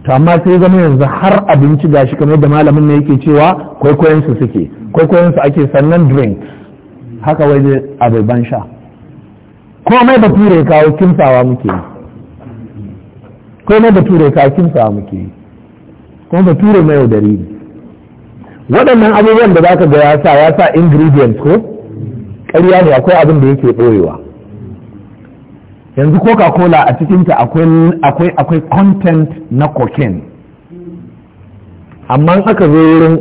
to amma sai zama yanzu har abinci gashi kamar da malamin ne yake cewa kwaikwayon su suke kwaikwayon su ake sannan drink haka waje abai ban sha komai bature kawo kimsawa muke yi komai bature kawo kimsawa muke yi da bature mai yaudari ne waɗannan abubuwan da ka ga ya sa ya sa ingredients ko ƙarya ne akwai abin da yake ɗorewa. yanzu coca-cola a cikinta akwai content na cocaine amma aka zo wurin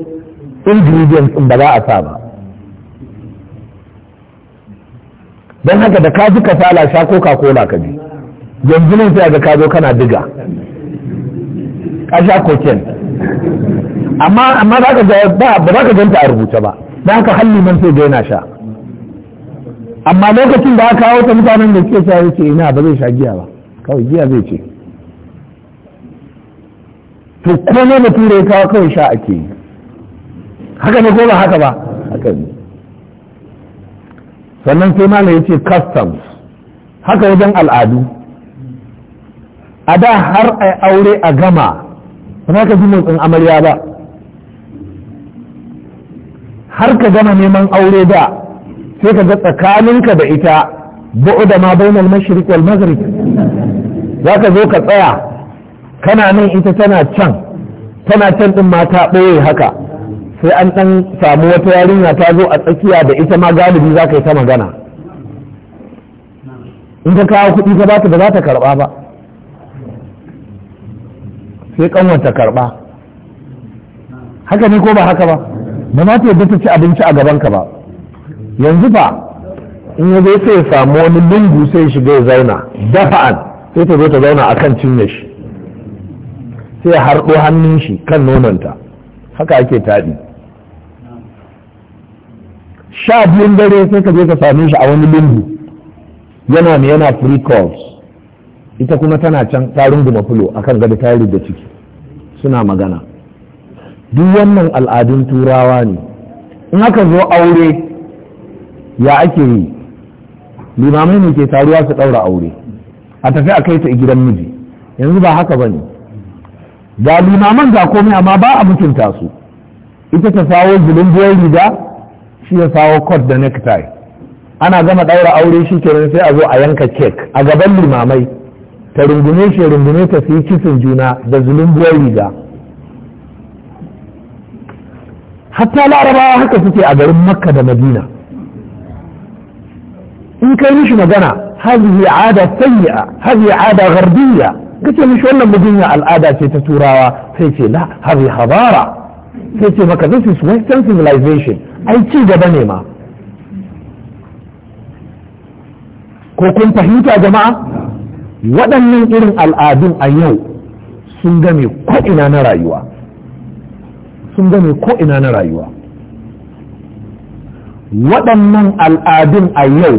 ingredients ba za a sa ba don haka da ka ji kasala sha coca-cola ka ji yanzu nan sai ga ka zo kana diga ka sha cocaine amma ka ba za ka ganta a rubuce ba don haka halli man sai ga yana sha amma lokacin da aka wata ta mutanen da suke sa yake ina ba zai sha giya ba kawai giya zai ce to kone tura ya kawo kawai sha ake yi haka ne ko ba haka ba haka ne sannan sai ma ya ce customs haka wajen al'adu a da har a aure a gama ba ka ji motsin amarya ba har ka gama neman aure da sai ka ga tsakaninka da ita da ma bainal mashriq wal maghrib za ka zo ka tsaya kana nan ita tana can tana can din ma ta ɓoye haka sai an ɗan samu wata yarinya ta zo a tsakiya da ita ma galibi za ka yi ta magana in ka kawo kuɗi ka ta ba za ta karɓa ba sai kanwata karɓa haka ne ko ba haka ba ba ta yadda ta ci abinci a gabanka ba yanzu fa in ya zai sai samu wani lungu sai shiga ya zauna dafa'an sai ta zo ta zauna kan cinye shi sai ya harɗo hannun shi kan nononta haka ake taɗi sha biyun dare sai ka je ka same shi a wani lungu yana ne yana free calls ita kuma tana can ta guma fulo a kan gada tarin da ciki suna magana duk wannan al'adun turawa ne in aka zo aure ya ake yi limamai ne ke taruwa su ɗaura aure a tafi a kai ta gidan miji yanzu ba haka ba ne ga limaman ga komai amma ba a mutunta su ita ta sawo zulumbuwar riga shi ya sawo kot da necktie ana gama ɗaura aure shi ke sai a zo a yanka kek a gaban limamai ta rungume shi rungume ta su yi kisin juna da zulumbuwar riga hatta larabawa haka suke a garin makka da madina in kai mishi magana hazihi ada sayya hazihi ada gharbiya kace mishi wannan mujinya al'ada ce ta turawa sai ce la hazihi habara sai ce maka this is western civilization ai ci gaba ne ma ko kun fahimta jama'a waɗannan irin al'adun a yau sun game ko'ina na rayuwa sun game ko'ina na rayuwa waɗannan al'adun a yau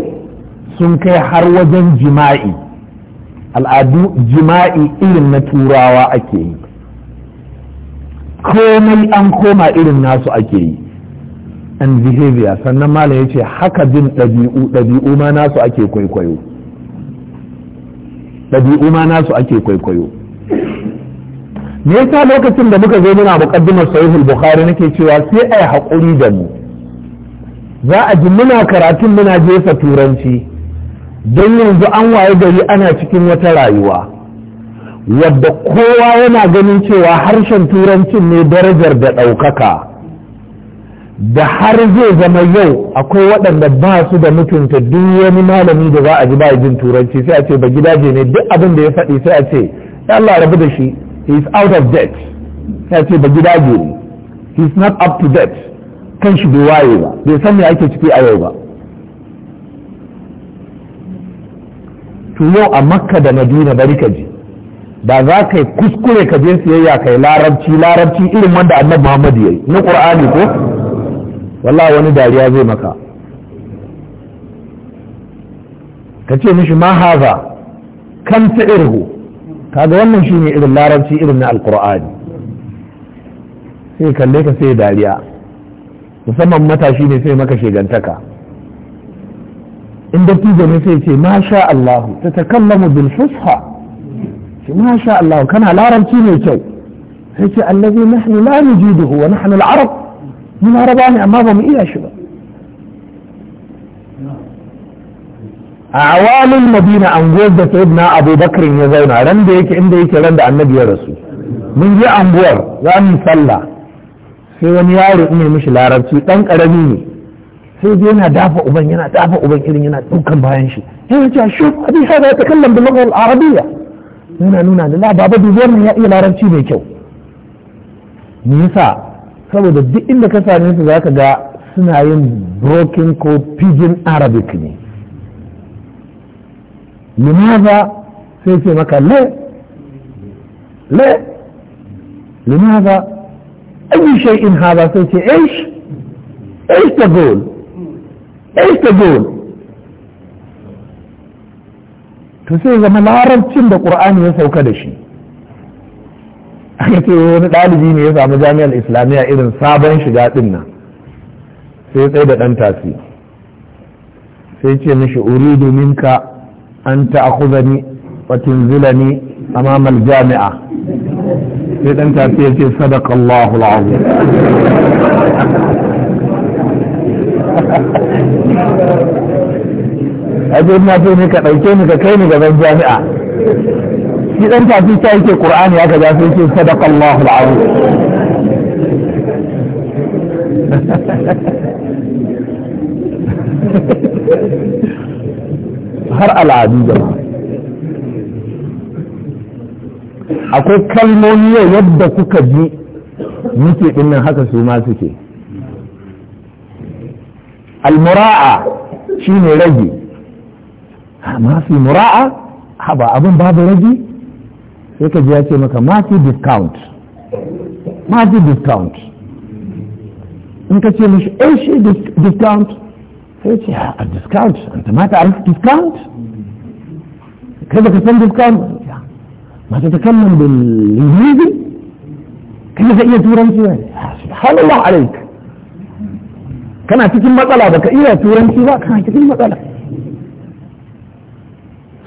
sun kai har wajen jima'i al'adu jima'i irin na turawa ake yi komai an koma irin nasu ake yi and behavior sannan malam ya ce haka bin ɗabi'u ɗabi'u ma nasu ake kwaikwayo ɗabi'u ma nasu ake kwaikwayo me yasa lokacin da muka zo muna muƙaddimar sahihul bukhari nake cewa sai ai hakuri da mu za a ji muna karatun muna jefa turanci don yanzu an waye gari ana cikin wata rayuwa wadda kowa yana ganin cewa harshen turancin ne darajar da ɗaukaka da har zai zama yau akwai waɗanda ba su da mutunta duk wani malami da za a ji ba jin turanci sai a ce ba gidaje ne duk abin da ya faɗi sai a ce ɗan larabu da shi he is out of debt sai a ce ba gidaje ne he is not up to date kan shi bai waye ba bai san me ake ciki a yau ba to yau a makka da madina bari ka je ba za ka yi kuskure ka je siyayya ka yi larabci larabci irin wanda annabi muhammadu ya yi na ƙur'ani ko wallahi wani dariya zai maka ka ce mishi ma haza kan ta irhu kaga wannan shine irin larabci irin na alkur'ani sai kalle ka sai dariya musamman matashi ne sai maka shegantaka Inda dattijo ne sai ce masha Allahu, ta takallamu bil fusha ce masha Allahu kana larabci mai kyau sai ce allazi nahnu la nujiduhu wa nahnu al-arab mu laraba ne amma ba mu iya shi ba a awalin madina anguwar da sayyidina abubakar ya zauna ran da yake inda yake ran da annabi ya rasu mun je anguwar za mu sallah sai wani yaro ne mishi larabci dan karami ne sai dai yana dafa uban yana dafa uban irin yana dukan bayan shi yana cewa shi abi ya takallam bil lughah arabiyya yana nuna da baba dubi wannan ya iya larabci mai kyau me yasa saboda duk inda ka same su za ka ga suna yin broken ko pidgin arabic ne limaza sai ce maka le le limaza ayi in haza sai ce ايش ايش تقول ɗai ta to sai zama larabcin da ƙur'ani ya sauka da shi ake ce wani ɗalibi ne ya samu jami'ar islamiyya irin sabon shiga ɗin nan sai tsaye da ɗan tasi sai ce mishi uridu minka an ta'khudhani wa tunzilani amama al-jami'a sai ɗan tasi ya ce sadaqallahu al a jirgin so ne ka ɗauke ni ka kai ni gaban jami'a shi ɗan tafi ta yake ƙur'ani ka za sai yake sadaka Allah al'awu har al'adu jama'a akwai kalmomi yadda kuka ji muke ɗin haka su ma suke المراعى شنو رجي ما في مراعى هذا أظن باب رجي هيك جاي لك ما في ديسكاونت ما في ديسكاونت انك تقول مش ايش ديسكاونت ايش ديسكاونت انت ما تعرف ديسكاونت كيف تسمي ديسكاونت ما تتكلم بالانجليزي كيف هي تورنتي سبحان الله عليك kana cikin matsala baka iya turanci ba kana cikin matsala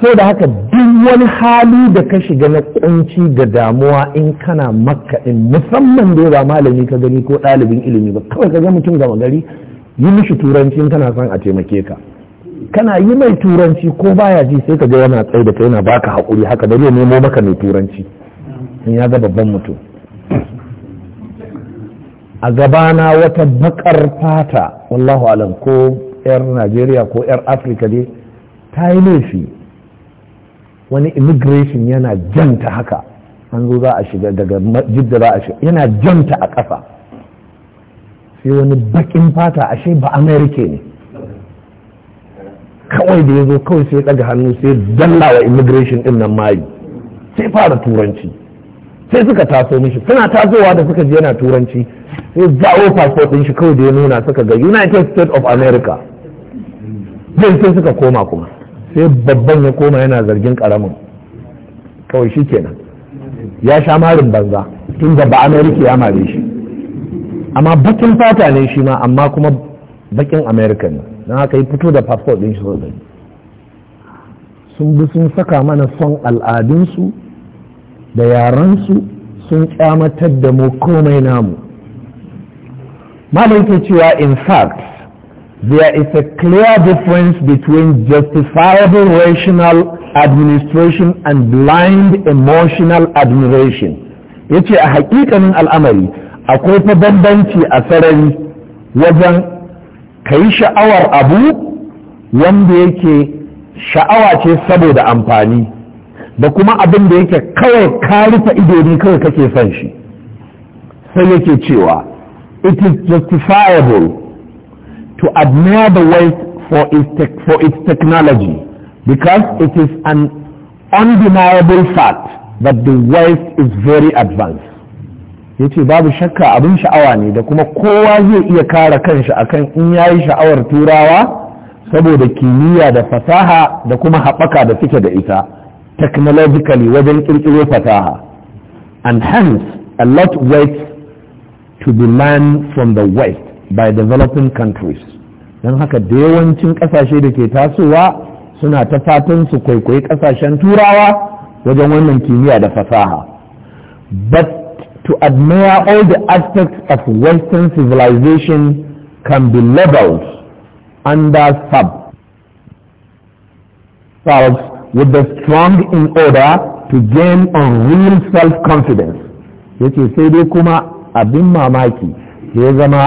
so da haka duk wani hali da ka shiga na kunci da damuwa in kana makaɗin musamman da ba malami ka gani ko ɗalibin ilimi ba kawai ka ga mutum gama gari yi mishi turanci in kana son a taimake ka kana yi mai turanci ko baya ji sai ka ga yana tsaye da kai yana baka haƙuri haka da zai nemo maka mai turanci in ya ga babban mutum a gabana wata bakar fata wallahu alam ko 'yar najeriya ko 'yar Afrika dai ta yi laifi wani immigration yana janta haka an zo za a shiga daga jidda za a shiga yana janta a ƙasa sai wani bakin fata ashe ba amerika ne kawai da ya zo kawai sai ɗaga hannu sai dalla wa immigration ɗin nan mayu sai fara turanci sai suka taso mishi suna tasowa da suka je yana turanci sai jawo passport din shi kawai da ya nuna suka ga United States of America sai sai suka koma kuma sai babban ya koma yana zargin karamin kawai shi kenan ya sha marin banza tun da ba America ya mare shi amma bakin fata ne shi ma amma kuma bakin America ne don haka yi fito da passport din shi sun bi sun saka mana son al'adunsu da yaransu sun kyamatar da mu komai namu malam cewa in fact there is a clear difference between justifiable rational administration and blind emotional admiration yace a hakikanin al'amari akwai fa bambanci a sarari wajen kai sha'awar abu wanda yake sha'awa ce saboda amfani da kuma abin da yake kawai ka idoni kawai kake son shi sai yake cewa it is justifiable to admire the West for its, for its technology because it is an undeniable fact that the West is very advanced. ya ce babu shakka abin sha'awa ne da kuma kowa zai iya kare kanshi akan in ya yi sha'awar turawa saboda kimiyya da fasaha da kuma haɓaka da suke da ita technologically wajen kirkiro fasaha and hence a lot waits to be learned from the west by developing countries don haka da yawancin kasashe da ke tasowa suna ta fatan su kwaikwayi kasashen turawa wajen wannan kimiyya da fasaha but to admire all the aspects of western civilization can be labeled under sub with the strong in order to gain unreal self-confidence yace sai dai kuma abin mamaki ya zama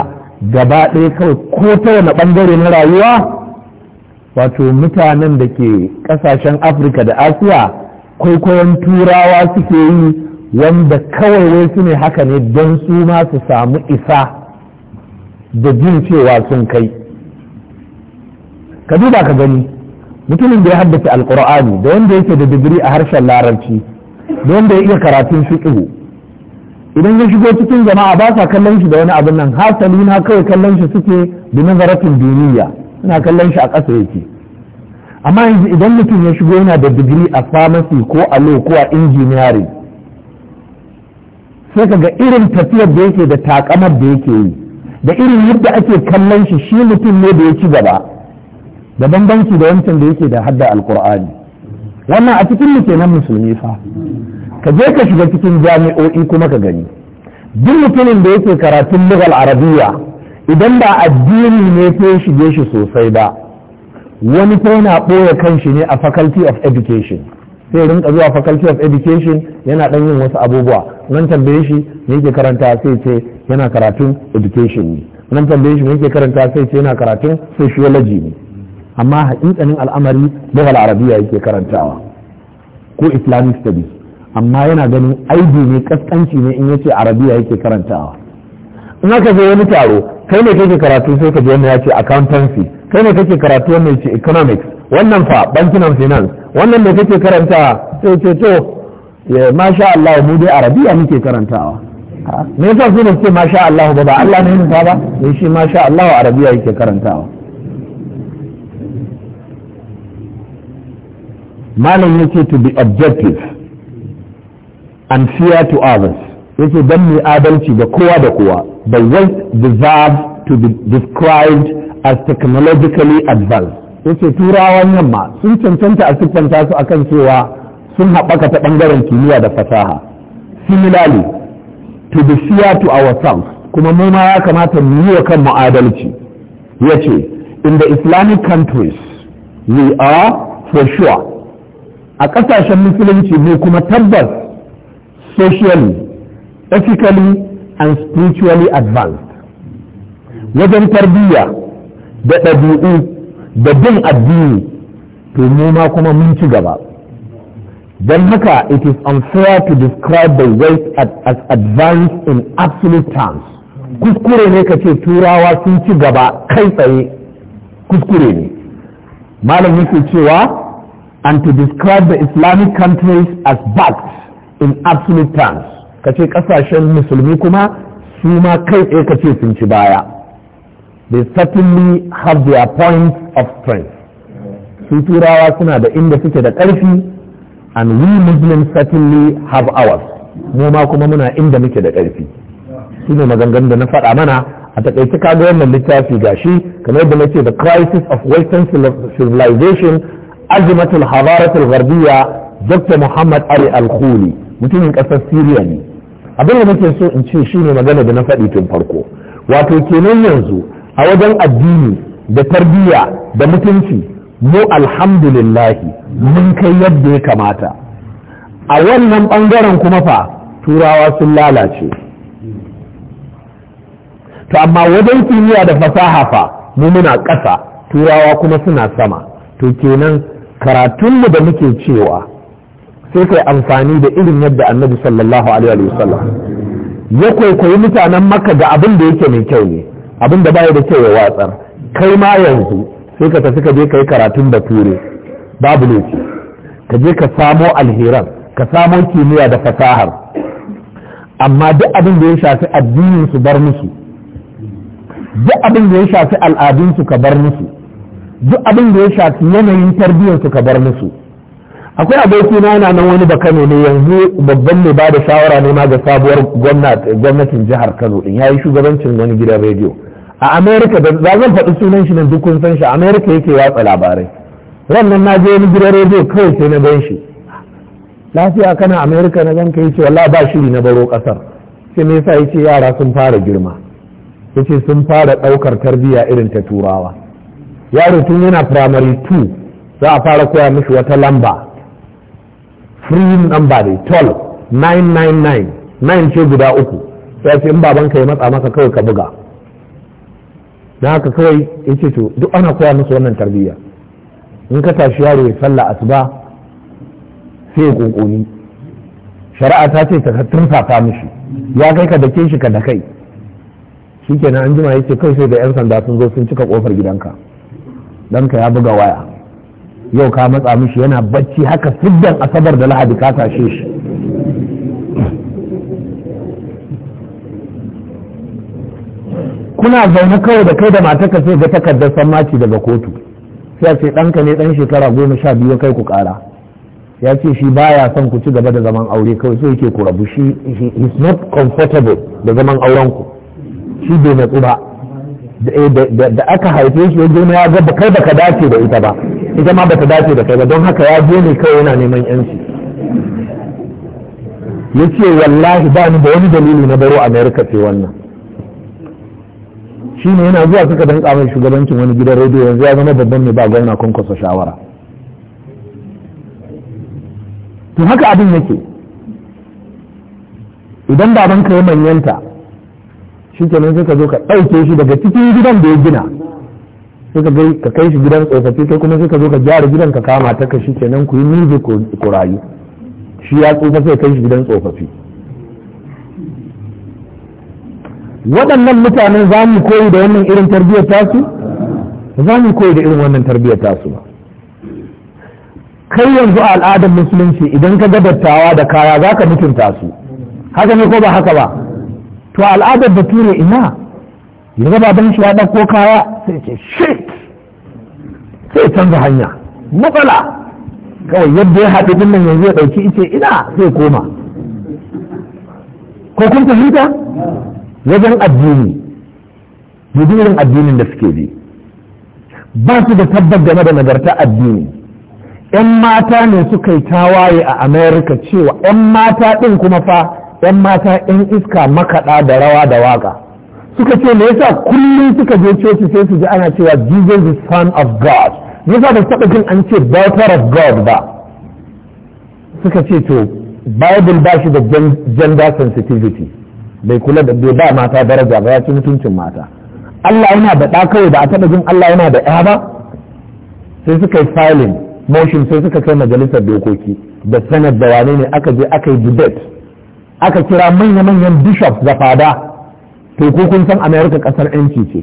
gaba ɗaya kawai ko ta wani ɓangare na rayuwa wato mutanen da ke ƙasashen afirka da asiya kwaikwayon turawa suke yi wanda kawai wai su ne haka ne don su ma su samu isa da jin cewa sun kai ka duba ka gani mutumin da ya haddace alkur'ani da wanda yake da digiri a harshen larabci da wanda ya iya karatun fiqhu idan ya shigo cikin jama'a ba sa kallon shi da wani abin nan hasali na kawai kallon shi suke bi nazaratin duniya suna kallon shi a ƙasa yake amma yanzu idan mutum ya shigo yana da digiri a famasi ko a lo ko a engineering sai ka ga irin tafiyar da yake da takamar da yake yi da irin yadda ake kallon shi shi mutum ne da ya ci gaba da bambanci da wancan da yake da hadda alkur'ani wannan a cikin mu kenan musulmi fa ka je ka shiga cikin jami'o'i kuma ka gani duk mutumin da yake karatun lugal arabiya idan ba addini ne ko shige shi sosai ba wani ko yana ɓoye kanshi ne a faculty of education sai rinka zuwa faculty of education yana ɗan yin wasu abubuwa nan tambaye shi me yake karanta sai ce yana karatun education ne nan tambaye shi me yake karanta sai ce yana karatun sociology ne amma hakikanin al'amari lughal arabiya yake karantawa ko islamic studies amma yana ganin aibi ne kaskanci ne in yace arabiya yake karantawa in aka je wani taro kai ne kake karatu sai ka je wannan yace accountancy kai ne kake karatu wannan yace economics wannan fa banking and finance wannan ne kake karantawa sai ce to masha Allah mu dai arabiya muke karantawa me yasa su ne ce masha Allah ba ba Allah ne ya ba sai shi masha Allah arabiya yake karantawa malam yake to be objective and fair to others yake don mai adalci ga kowa da kowa the west deserve to be described as technologically advanced yake turawan yamma sun cancanta a siffanta su akan cewa sun haɓaka ta ɓangaren kimiyya da fasaha similarly to be fair to ourselves kuma mu ma ya kamata mu yi wa mu adalci yace in the islamic countries we are for sure a ƙasashen musulunci ne kuma tabbas socially ethically and spiritually advanced wajen tarbiyya da ɗabi'u da bin addini to mu ma kuma mun ci gaba don haka it is unfair to describe the west as advanced in absolute terms kuskure ne ka ce turawa sun ci gaba kai tsaye kuskure ne malam yake cewa and to describe the Islamic countries as bugs in absolute terms kace kasashen musulmi kuma su ma kai tsaye kace sun ci baya they certainly have their points of strength su turawa suna da inda suke da ƙarfi and we muslims certainly have ours mu ma kuma muna inda muke da ƙarfi shi ne maganganun da na faɗa mana a takaice kaga wannan littafi gashi kamar yadda ce the crisis of western civilization azimatul hadaratul gharbiya dr muhammad ali al mutumin kasar Siriya ne abin da nake so in ce shine magana da na faɗi tun farko wato kenan yanzu a wajen addini da tarbiyya da mutunci mu alhamdulillahi mun kai yadda ya kamata a wannan ɓangaren kuma fa turawa sun lalace to amma wajen kimiyya da fasaha fa mu muna ƙasa turawa kuma suna sama to kenan karatunmu da muke cewa sai kai amfani da irin yadda annabi sallallahu alaihi wa sallam ya kwaikwayi mutanen Makka da abin da yake mai kyau ne abin da baya da kyau ya watsar kai ma yanzu sai ka tafi ka je ka yi karatun bature babu laifi ka je ka samo alheran ka samo kimiyya da fasahar amma duk abin da ya shafi addinin su bar musu duk abin da ya shafi al'adun su ka bar musu duk abin da ya shafi yanayin tarbiyyar su ka bar musu akwai aboki na yana nan wani bakano ne yanzu babban mai ba da shawara ne ma ga sabuwar gwamnatin jihar kano din yayi shugabancin wani gidan rediyo a america da za zan faɗi sunan shi nan duk kun san shi america yake watsa labarai rannan na je wani gidan rediyo kawai sai na gan shi lafiya kana amerika na ganka yace wallahi ba shiri na baro kasar sai me yasa yace yara sun fara girma yace sun fara daukar tarbiyya irin ta turawa yaro tun yana primary 2 za a fara koya mishi wata lamba free number ne 12 999 9 ce guda uku sai ce in babanka ya matsa maka kawai ka buga na haka kawai ya ce to duk ana koya musu wannan tarbiyya in ka tashi yaro ya sallah asuba sai ya kunkuni shari'a ta ce ka safa mishi ya kai ka dake shi ka da kai shikenan an jima yace kawai sai da yan sanda sun zo sun cika kofar gidanka ka ya buga waya yau ka matsa mishi yana bacci haka siddan asabar da lahadi ka tashe shi kuna zaune kawai da kai da matarka sai ga takardar sammaci daga kotu sai ce ɗanka ne ɗan shekara goma sha biyu kai ku kara ya ce shi baya son ku ci gaba da zaman aure kawai sai yake ku rabu shi is not comfortable da zaman aurenku shi bai natsu ba da aka haife shi ya ya ga ba kai baka dace da ita ba ita ma bata dace da kai ba don haka ya je ne kawai yana neman yanci ya ce wallahi ba ni da wani dalili na baro amerika ce wannan shi ne yana zuwa suka danka mai shugabancin wani gidan rediyo yanzu ya zama babban mai ba gwamna kunkusa shawara to haka abin yake idan babanka ya manyanta shi ke nan suka zo ka ɗauke shi daga cikin gidan da ya gina suka ka ka kai shi gidan tsofaffi sai kuma suka zo ka gyara gidan ka kama ta ka shi nan ku yi nizi ku rayu shi ya tsufa sai kai shi gidan tsofaffi waɗannan mutanen za mu koyi da wannan irin tarbiyyar tasu za mu koyi da irin wannan tarbiyyar tasu ba kai yanzu a al'adar musulunci idan ka ga dattawa da kaya za ka mutunta su haka ne ko ba haka ba to al'adar da tura ina ya gaba don shi ya ɗauko kaya sai ce shit sai canza hanya matsala kawai yadda ya haɗu din nan yanzu ya ɗauki ice ina sai koma ko kun fahimta wajen addini irin addinin da suke bi ba su da tabbat game da nagarta addini 'yan mata ne suka yi tawaye a amerika cewa 'yan mata ɗin kuma fa 'yan mata 'yan iska makaɗa da rawa da waƙa suka ce me yasa kullum suka je coci sai su ji ana cewa Jesus is son of God me yasa ba taɓa jin an ce daughter of God ba suka ce to Bible ba shi da gender sensitivity bai kula da bai ba mata daraja ba ya ci mutuncin mata Allah yana da ɗa kawai ba a taɓa jin Allah yana da ɗa ba sai suka yi filing motion sai suka kai majalisar dokoki da sanar da wane ne aka je aka yi debate aka kira manya-manyan bishop da fada to ko kun san america kasar yanci ce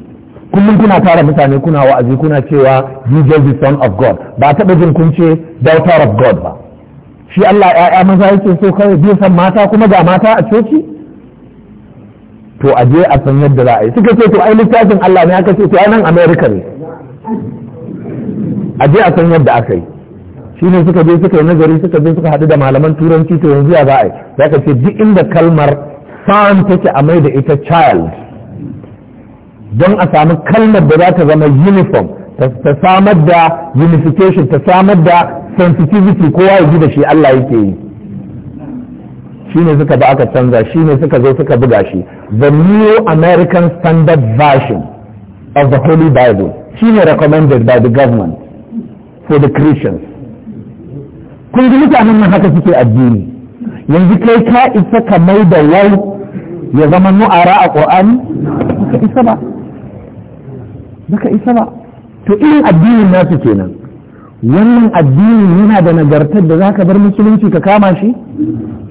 kullum kuna tara mutane kuna wa'azi kuna cewa jesus the son of god ba taɓa jin kun ce daughter of god ba shi allah ya'ya maza yake so kai bai san mata kuma ga mata a coci to a je a san yadda za a yi suka ce to ai littafin allah ne aka ce to nan america ne a je a san yadda aka yi shine suka je suka yi nazari suka je suka haɗu da malaman turanci to yanzu ya za a yi za ka ce duk inda kalmar fan take a mai da ita child don a samu kalmar da za ta zama uniform ta samar da unification ta samar da sensitivity kowa ya ji da shi Allah yake yi ne suka ba aka canza ne suka zo suka buga shi the new american standard version of the holy bible shine recommended by the government for the christians kun ji mutanen nan haka suke addini yanzu kai ka isa ka mai da wau ya zama nu'ara a ƙo'ani baka isa ba baka isa ba to irin addinin nasu kenan wannan addini yana da nagartar da za ka bar musulunci ka kama shi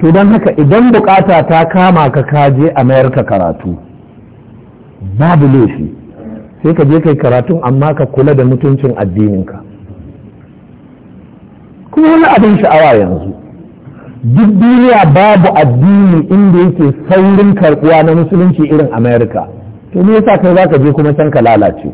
to don haka idan bukata ta kama ka kaje a mayar ka karatu babu laifi sai ka je kai karatun amma ka kula da mutuncin addininka ko wani abin sha'awa yanzu duk duniya babu addini inda yake saurin karbuwa na musulunci irin america to me yasa kai zaka je kuma can ka lalace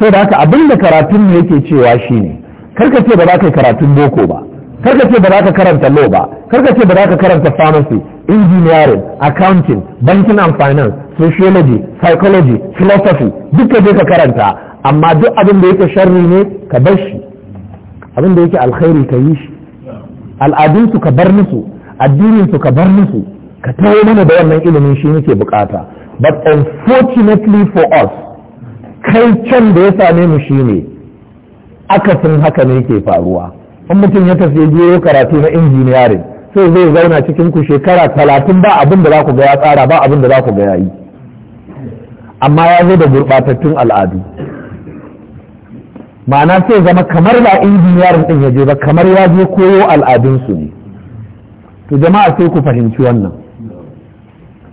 sai da haka abin da karatun mu yake cewa shine karka ce ba za ka yi karatun boko ba karka ce ba za ka karanta law ba ka ce ba za ka karanta pharmacy engineering accounting banking and finance sociology psychology philosophy ka je ka karanta amma duk abin da yake sharri ne ka bar shi abin da yake alkhairi ka yi shi Al'adunsu ka bar musu addinin su ka bar musu ka tawo mana da wannan ilimin shi muke bukata but unfortunately for us kai can da ya same mu shi ne, akasin haka ne ke faruwa in mutum ya tafi ya biyo karatu na injiniyarin sai zai zauna cikin ku shekara talatin ba abin da za ku ga ya tsara ba abin da za ku ga ya yi amma ya zo da gurɓatattun al'adu ma'ana sai zama kamar ba injiniyarin din ya je ba kamar ya je koyo al'adunsu ne to jama'a sai ku fahimci wannan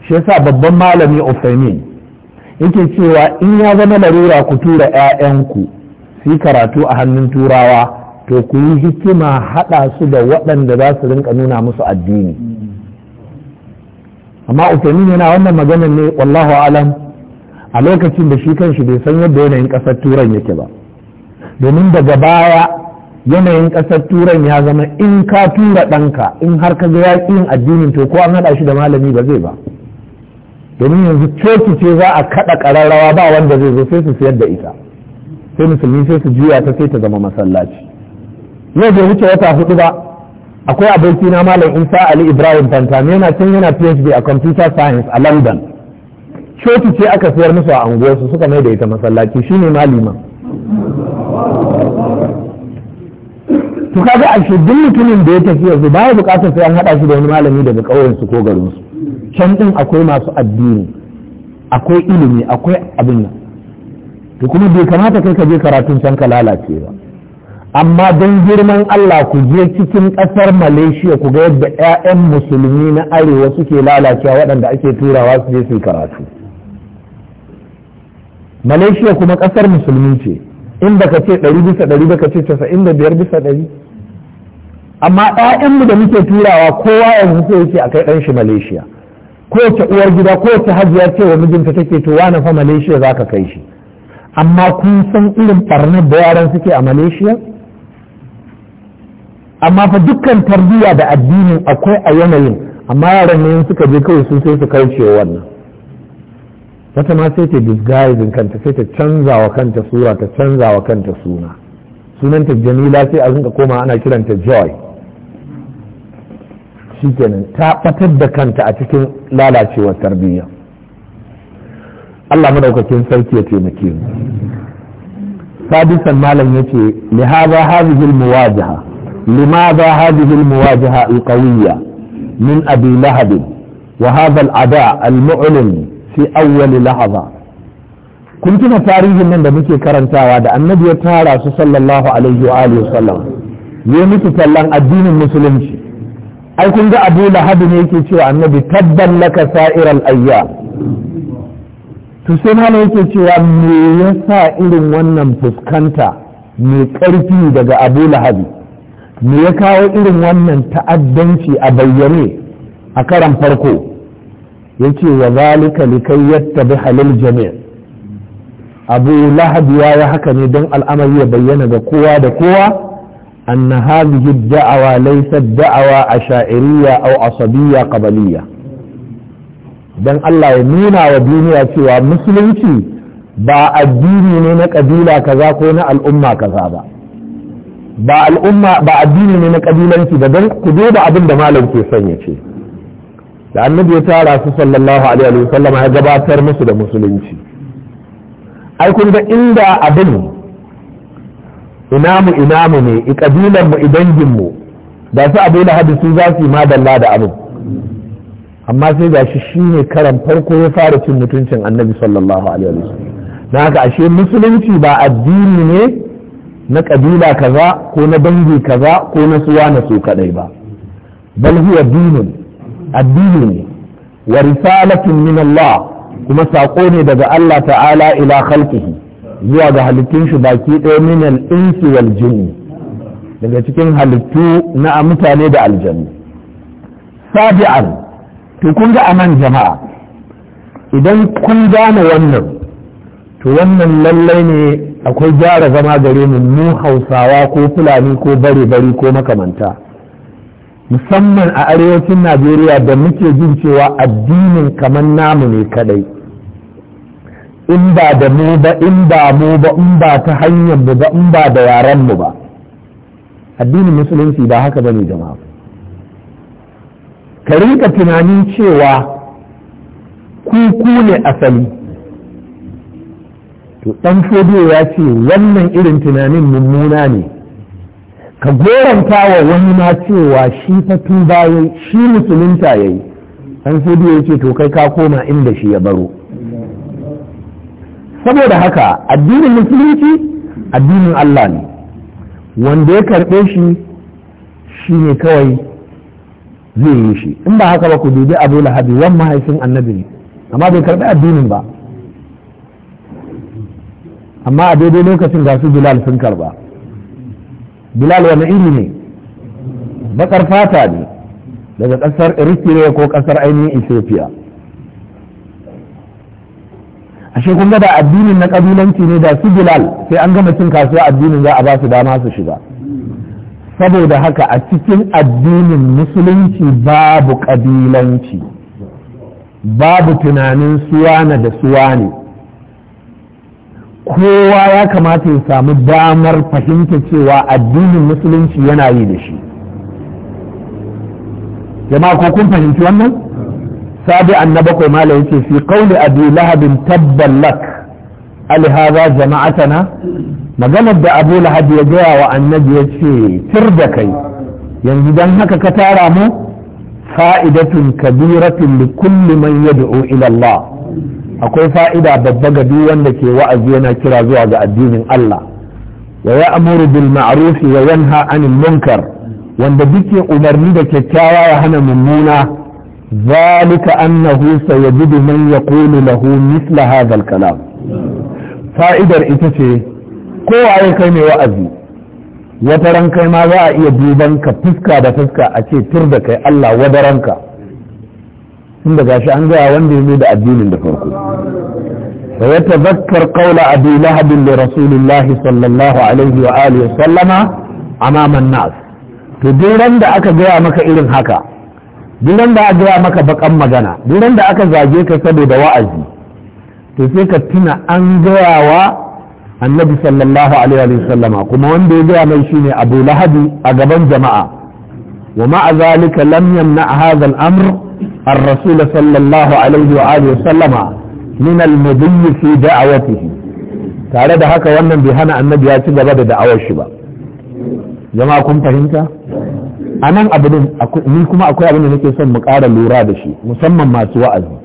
shi yasa babban malami Usaimin yake cewa in ya zama larura ku tura 'ya'yanku su yi karatu a hannun turawa to ku yi hikima haɗa su da waɗanda za su rinka nuna musu addini amma Usaimin yana wannan maganar ne wallahu alam a lokacin da shi kan shi bai san yadda yanayin ƙasar turan yake ba domin daga baya yanayin ƙasar turan ya zama in ka tura ɗanka in har ka ga yin addinin to ko an haɗa shi da malami ba zai ba domin yanzu coci ce za a kaɗa ƙararrawa ba wanda zai zo sai su sayar da ita sai musulmi sai su juya ta sai ta zama masallaci yau bai wuce wata hudu ba akwai aboki na malam isa ali ibrahim Tantami yana can yana phd a computer science a london coci ce aka siyar musu a unguwarsu suka mai da ita masallaci shine malima to kaga a shi duk mutumin da ya tafi yanzu baya bukatar sai an hada shi da wani malami daga kauyen su ko garin su can din akwai masu addini akwai ilimi akwai abin nan to kuma bai kamata kai ka je karatun can ka lalace ba amma don girman Allah ku je cikin kasar Malaysia ku ga yadda ƴaƴan musulmi na arewa suke lalacewa waɗanda ake turawa su je su karatu Malaysia kuma kasar musulmi ce in baka ce ɗari bisa ɗari baka ce casa'in da biyar bisa ɗari amma ɗayanmu da muke turawa kowa yanzu sai yake a kai ɗan shi malaysia kowace uwar gida kowace hajiya ce wa mijinta take to na fa malaysia za ka kai shi amma kun san irin ɓarnar da yaran suke a malaysia amma fa dukkan tarbiyya da addinin akwai a yanayin amma yaran ne suka je kawai sun sai su kauce wannan wata ma sai ta disguising kanta sai ta canza wa kanta sura ta canza wa kanta suna sunanta jamila sai a rinka koma ana kiranta joy shikenan ta batar da kanta a cikin lalacewar tarbiyya Allah madaukakin sarki ya taimake mu sadisan malam yace lihaza hadhihi almuwajaha limadha hadhihi almuwajaha alqawiyya min abi lahab wa hadha alada almu'lim fi awwali lahaza kun tuna tarihin nan da muke karantawa da annabi ya tara su sallallahu alaihi wa alihi wasallam ya addinin musulunci ai kun ga abu lahabi ne yake cewa annabi tabban laka sa'iral ayya to sai malam yake cewa me yasa irin wannan fuskanta mai ƙarfi daga abu lahabi me ya kawo irin wannan ta'addanci a bayyane a karan farko yace wa zalika likai bi halil jami' abu lahab ya yi haka ne don al'amari ya bayyana ga kowa da kowa أن da'awa الدعوة da'awa a أشائرية a عصبية قبلية don Allah ya nuna wa duniya cewa musulunci ba addini ne na kabila kaza ko na al'umma kaza ba ba al'umma ba addini ne na kabilanci ba don ku duba abin da malam ke son ya ce da annabi ya tara su sallallahu alaihi wa sallam ya gabatar musu da musulunci ai kun ga inda abin inamu inamu ne i kabilan mu idangin mu da su abu da hadisi za su yi madalla da abin amma sai ga shi shine karan farko ya fara cin mutuncin annabi sallallahu alaihi wa sallam na haka ashe musulunci ba addini ne na kabila kaza ko na dangi kaza ko na suwa na su kadai ba bal huwa dinun addini ne wa risalatin min Allah kuma saƙo ne daga Allah ta'ala ila khalqihi zuwa ga halittun shi baki ɗaya min al-insi wal jinni daga cikin halittu na mutane da aljanu sabi'an to kun ga anan jama'a idan kun gane wannan to wannan lallai ne akwai gyara zama gare mu mu hausawa ko fulani ko bare bari ko makamanta musamman a arewacin najeriya da muke jin cewa addinin kamar namu ne kadai in ba da mu ba in ba mu ba in ba ta hanyar mu ba in ba da yaren mu ba addinin musulunci ba haka bane jama'a ka rika tunanin cewa kuku ne asali to dan fodo ya ce wannan irin tunanin mummuna ne ka goranta wa wani ma cewa shi fa tuba yayi shi musulunta yi an sai ya ce to kai ka koma inda shi ya baro saboda haka addinin musulunci addinin Allah ne wanda ya karɓe shi shi ne kawai zai yi shi in ba haka ba ku dubi abu lahabi wan mahaifin annabi ne amma bai karɓi addinin ba amma a daidai lokacin ga su bilal sun karɓa bilal wani iri ne bakar fata ne daga kasar eritrea ko ƙasar ainihin ethiopia a kun gada da addinin na kabilanci ne da su bilal sai an gama cin kasuwa addinin za a ba su dama su shiga saboda haka a cikin addinin musulunci babu kabilanci babu tunanin suwana da suwa ne. kowa ya kamata ya samu damar fahimta cewa addinin musulunci yana yi da shi jama'a ko kun fahimci wannan sabi Annabi mala yace fi kauli abi lahabin tabban lak alihaza jama'atana maganar da abu lahab ya gaya wa annabi ya ce tir da kai yanzu don haka ka tara mu fa'idatun kabiratun li kulli man yad'u ila Allah akwai fa'ida babba ga duk wanda ke wa'azi yana kira zuwa ga addinin Allah wa ya amuru bil ma'ruf wa yanha anil munkar wanda duke umarni da kyakkyawa ya hana mummuna zalika annahu sayajidu man yaqulu lahu mithla hadha al kalam fa'idar ita ce ko waye kai mai wa'azi wata ran kai ma za a iya duban ka fuska da fuska a ce tur da kai Allah wadaranka tun da shi an gaya wanda ya da addinin da ويتذكر قول أبي لهب لرسول الله صلى الله عليه وآله وسلم أمام الناس تديرن دا أكا جاء مكا إلن هكا ديرن دا أجاء مكا بقم مجانا ديرن دا أكا زاجيك سبب وأزي تسيك تنا أنجاء و النبي صلى الله عليه وسلم كما وان دي جاء ميشيني أبو لهب أقبان جماعة ومع ذلك لم يمنع هذا الأمر الرسول صلى الله عليه وآله وسلم min al-mudhi fi tare da haka wannan bai hana annabi ya ci gaba da da'awar shi ba jama'a kun fahimta a nan abin ni kuma akwai abin da nake son mu ƙara lura da shi musamman masu wa'azi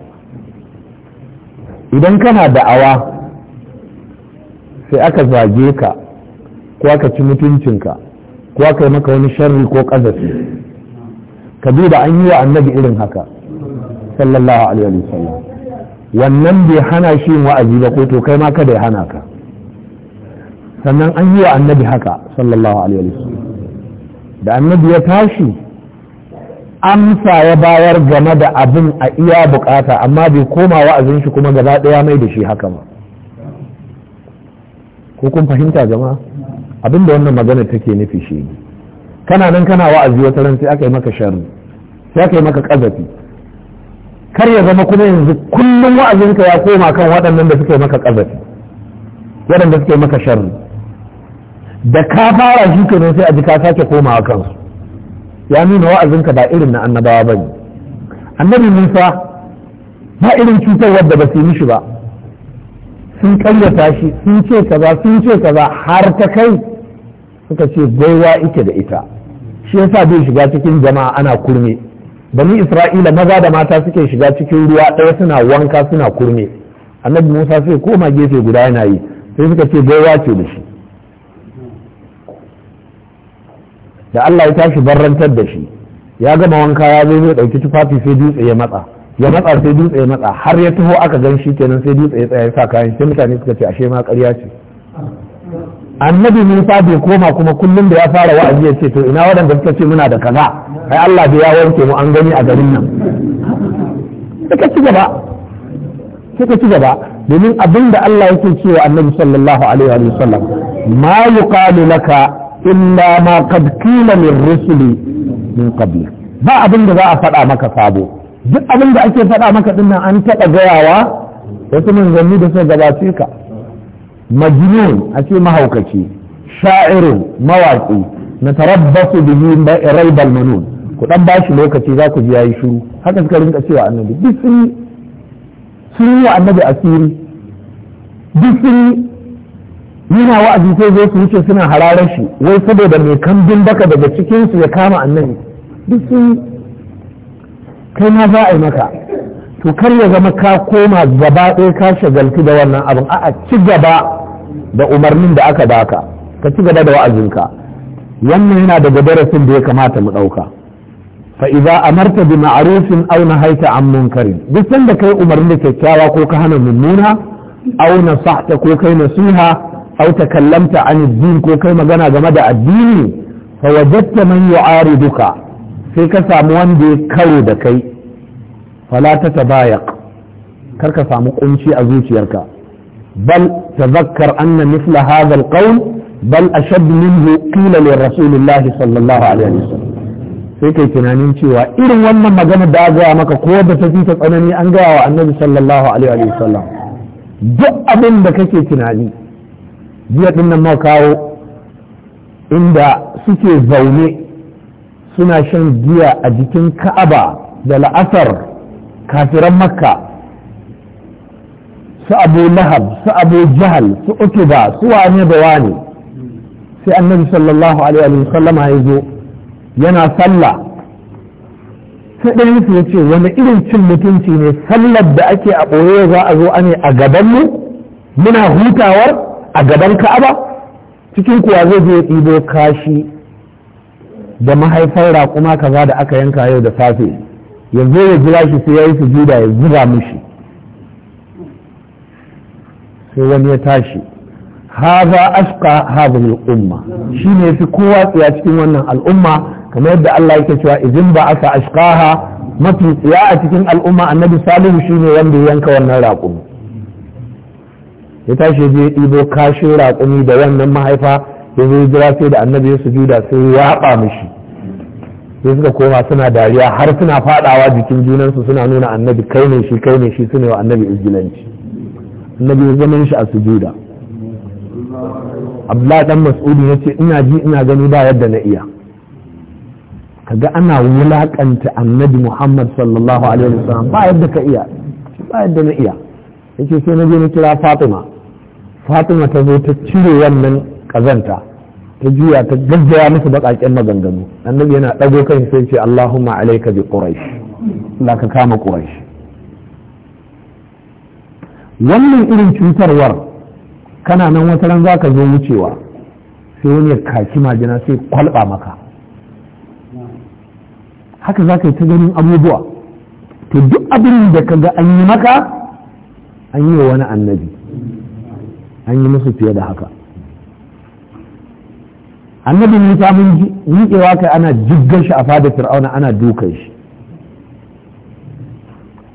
idan kana da'awa sai aka zage ka ko aka ci mutuncinka ko aka yi maka wani sharri ko ƙazafi ka duba an yi wa annabi irin haka sallallahu alaihi sallam. wannan bai hana shi yin wa'azi ba ko to kai ma kada ya hana ka sannan an yi wa annabi haka sallallahu alaihi wasallam da annabi ya tashi amsa ya bayar game da abin a iya bukata amma bai koma wa'azin shi kuma gaba daya mai da shi haka ba ko kun fahimta jama'a abin da wannan magana take nufi shi kana nan kana wa'azi wata ran sai aka yi maka sharri sai aka yi maka kazafi kar ya zama kuma yanzu kullum wa'azinka ya koma kan waɗannan da suke maka ƙazafi waɗanda suke maka sharri da ka fara shi kenan sai a ji ka sake komawa kansu ya nuna wa'azinka ba irin na annabawa ba ne annabi musa ba irin cutar wadda ba su yi mishi ba sun ƙayyata shi sun ce kaza sun ce kaza har ta kai suka ce gwaiwa ike da ita shi yasa bai shiga cikin jama'a ana kurme bani isra'ila maza da mata suke shiga cikin ruwa ɗaya suna wanka suna kurme annabi musa sai koma gefe guda yana yi sai suka ce baiwa ce da shi da allah ya tashi barrantar da shi ya gama wanka ya zo zai ɗauki tufafi sai dutse ya matsa ya matsa sai dutse ya matsa har ya taho aka gan shi kenan sai dutse ya tsaya ya sa kayan sai mutane suka ce ashe ma karya ce annabi Musa bai koma kuma kullum da ya fara wa'azi ya ce to ina waɗanda suka ce muna da kaza ai Allah bai ya wanke mu an gani a garin nan suka ci gaba suka ci gaba domin abin da Allah yake cewa annabi sallallahu alaihi wa sallam ma yuqalu laka illa ma qad qila min rusuli min qabli ba abin da za a faɗa maka sabo duk abin da ake faɗa maka dinnan an taɓa gayawa wasu manzanni da suka gabace ka majnun a ce mahaukaci shairin mawaƙi na tarabbasu yi raibal manun ku dan bashi lokaci za ku ji yi shiru haka suka rinka cewa annabi duk sun sun yi annabi asiri duk sun yana wa'azi sai zo su wuce suna hararar shi wai saboda mai kambin baka daga cikinsu ya kama annabi duk sun kai na za a yi maka to kar ya zama ka koma gaba ɗaya ka shagaltu da wannan abin a'a ci gaba da umarnin da aka baka ka ci gaba da wa'azinka wannan yana daga darasin da ya kamata mu ɗauka fa idza amarta bi ma'rufin aw nahaita an munkarin duk sanda kai umarni da kyakkyawa ko ka hana mummuna aw nasahta ko kai nasiha aw takallamta an din ko kai magana game da addini fa wajadta man yu'ariduka sai ka samu wanda ya karo da kai fala ta tabayaq kar ka samu kunci a zuciyarka bal tazakkar anna mithla hadha alqawl bal ashad minhu qila li rasulillah sallallahu alaihi wasallam sai kai tunanin cewa irin wannan magana da ga maka ko da ta ta tsanani an ga wa annabi sallallahu alaihi wasallam duk abin da kake tunani jiya din nan kawo inda suke zaune suna shan giya a jikin ka'aba da la'asar kafiran makka su abu lahab su abu jahal su ba, su wane da wane sai annabi sallallahu alaihi wa ya zo yana sallah sai ɗan yi ya ce wani irin cin mutunci ne sallar da ake a ɓoye za a zo a ne a gabanmu muna hutawar a gaban ka'aba cikin kuwa zai je ɗibo kashi da mahaifar raƙuma kaza da aka yanka yau da safe Yanzu ya jira shi sai ya yi sujuda ya zuba mushi sai wani ya tashi haza ashqa hadhihi al-umma shine fi kowa tsaya cikin wannan al'umma kamar yadda Allah yake cewa idan ba aka ashqaha mafi tsaya a cikin al'umma annabi salihu shine wanda ya yanka wannan raƙumi ya tashi ya je ya ɗibo kashin raƙumi da wannan mahaifa ya zo jira sai da annabi ya sujuda sai ya haɓa mushi sai suka koma suna dariya har suna fadawa jikin junansu suna nuna annabi kai ne shi kai ne shi su ne wa annabi izgilanci annabi ya zaman shi a sujuda abdullahi dan mas'udi ya ce ina ji ina gani ba yadda na iya kaga ana wulakanta annabi muhammad sallallahu alaihi wasallam ba yadda ka iya ba yadda na iya yace sai na je na kira fatima fatima ta zo ta cire wannan kazanta ta juya ta gaggaya musu baƙaƙen maganganu annabi yana ɗago kai sai ce Allahumma alaika bi quraish la ka kama quraish wannan irin cutarwar kana nan wata ran zaka zo wucewa sai wani ya kaci majina sai kwalba maka haka za ka yi ta ganin abubuwa to duk abin da ka ga an yi maka an yi wa wani annabi an yi musu fiye da haka annabi musa mun miƙewa kai ana jiggan shi a fadar fir'auna ana dukan shi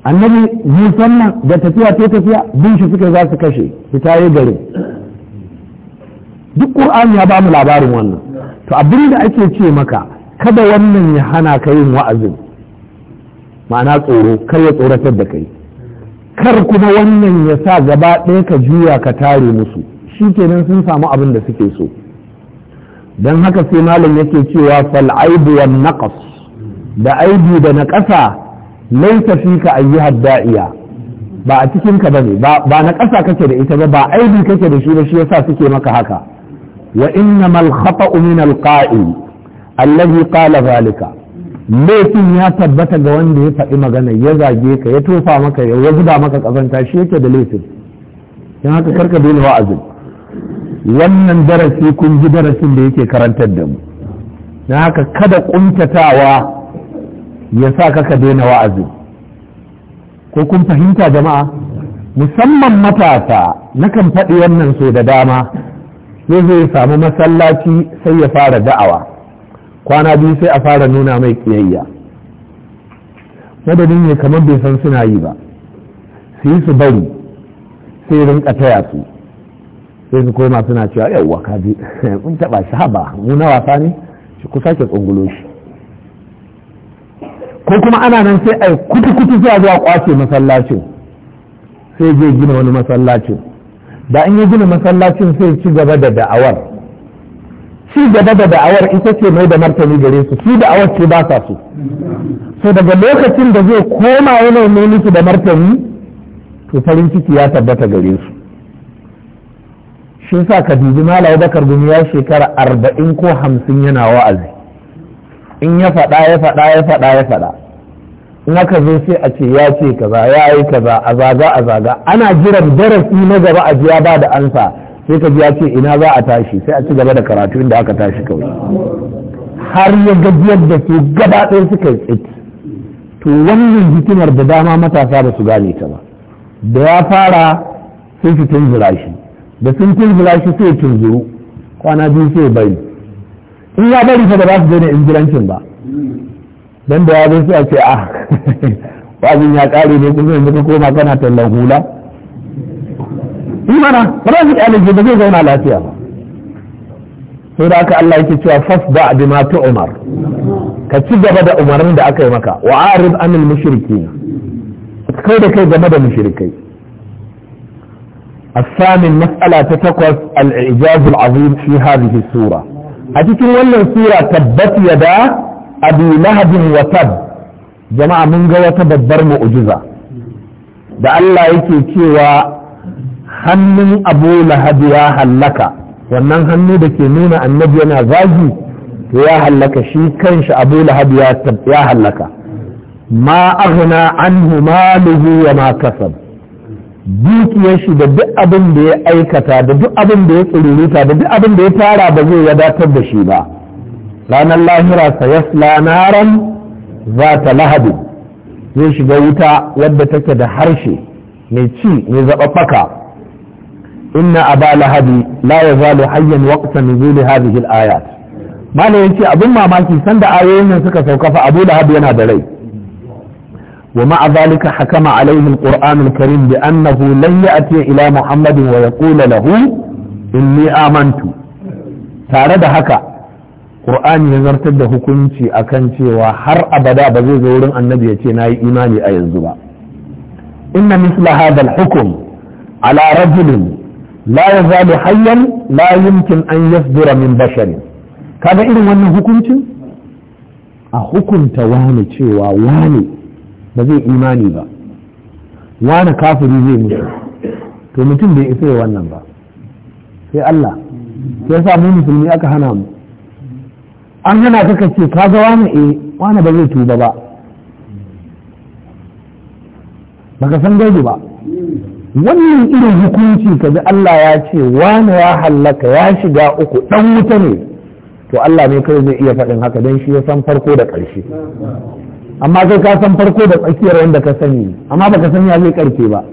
annabi musa nan da tafiya ta tafiya bin shi suka za su kashe fita yi garin duk ƙur'ani ya ba mu labarin wannan to abin da ake ce maka kada wannan ya hana ka yin wa'azin ma'ana tsoro kar ya tsoratar da kai kar kuma wannan ya sa gaba ɗaya ka juya ka tare musu shi kenan sun samu abin da suke so don haka sai malam yake cewa fal aibu naqas da aibu da naqasa laysa fika ayyuha da'iya ba a cikin ka bane ba na ƙasa kake da ita ba ba aibi kake da shi ba shi yasa suke maka haka wa innamal khata'u min alqa'i allazi qala zalika laifin ya tabbata ga wanda ya faɗi magana ya zage ka ya tofa maka ya zuba maka kazanta shi yake da laifin don haka karka daina wa'azin wannan darasi kun ji darasin da yake karantar da mu na haka kada kuntatawa ya sa kaka daina wa'azi ko kun fahimta jama'a musamman matasa na kan faɗi wannan so da dama sai zai samu masallaci sai ya fara da'awa kwana biyu sai a fara nuna mai kiyayya madadin ne kamar bai san suna yi ba su yi su bari sai rinka taya su sai su koma suna cewa wa kaji mun taba shi haba mu na wasa ne shi ku sake tsungulo shi ko kuma ana nan sai ai kutu kutu zuwa zuwa kwace masallacin sai zai gina wani masallacin da in ya gina masallacin sai ci gaba da da'awar ci gaba da da'awar ita ce mai da martani gare su su awar ce ba sa su so daga lokacin da zai koma wani mai miki da martani to farin ciki ya tabbata gare su shi sa ka dubi malawa bakar gumi ya shekara arba'in ko hamsin yana wa'azi in ya faɗa ya faɗa ya faɗa ya faɗa in aka zo sai a ce ya ce kaza ya yi kaza a zaga a zaga ana jiran darasi na gaba a jiya ba da ansa sai ka ya ce ina za a tashi sai a ci gaba da karatu inda aka tashi kawai har ya gajiyar da su gaba ɗaya suka yi tsit to wannan hikimar da dama matasa ba su gane ta ba da ya fara sai su tunzura shi da sun tunzura shi sai tunzuru kwana biyu sai bari in ya bari fa ba za su daina injirancin ba dan da ya zo sai a ce ah ya kare ne kun yanzu ka koma kana tallan hula imana ba za su kyale ba zai zauna lafiya ba sai da aka Allah yake cewa ba bi ma umar ka ci gaba da umarnin da aka yi maka wa arid anil mushrikin kai da kai game da mushrikai الثامن مسألة تتقص الإعجاز العظيم في هذه السورة أتكي ولا سورة تبت يدا أبي لهب وتب جماعة من جوا تبدر مؤجزة da Allah yake cewa hannun abu lahab ya hallaka wannan hannu da ke nuna annabi yana zagi ya hallaka shi kanshi abu lahab ya hallaka ma aghna anhu maluhu wa ma kasab dukiyar shi da duk abin da ya aikata da duk abin da ya tsiruruta da duk abin da ya tara ba zai wadatar da shi ba ranar lahira sayasla lanaran za ta lahabi zai shiga wuta wadda take da harshe mai ci mai zaɓaɓɓaka inna aba lahabi la ya zalo hayyan waƙta nuzuli hadhihi al-ayat malam ce abin mamaki sanda ayoyin nan suka sauka fa abu lahab yana da rai ومع ذلك حكم عليه القرآن الكريم بأنه لن يأتي إلى محمد ويقول له إني آمنت تارد هكا قرآن يزرتد هكونشي أكنشي وحر أبدا بزيز ورن النبي يتناي إيماني أي الزبا إن مثل هذا الحكم على رجل لا يزال حيا لا يمكن أن يصدر من بشر كذا إذن وأنه هكونشي أهكم تواني شيء وواني ba zai imani ba wani kafiri zai mutu to mutum bai isa ya wannan ba sai Allah sai sa mu musulmi aka hana mu an hana ka kace ka ga wani eh wani ba zai tuba ba baka san gaji ba wannan irin hukunci ka ji Allah ya ce wani ya hallaka ya shiga uku dan wuta ne to Allah ne kai zai iya faɗin haka don shi ya san farko da ƙarshe amma kai ka san farko da tsakiyar wanda ka sani amma baka san ya zai karke ba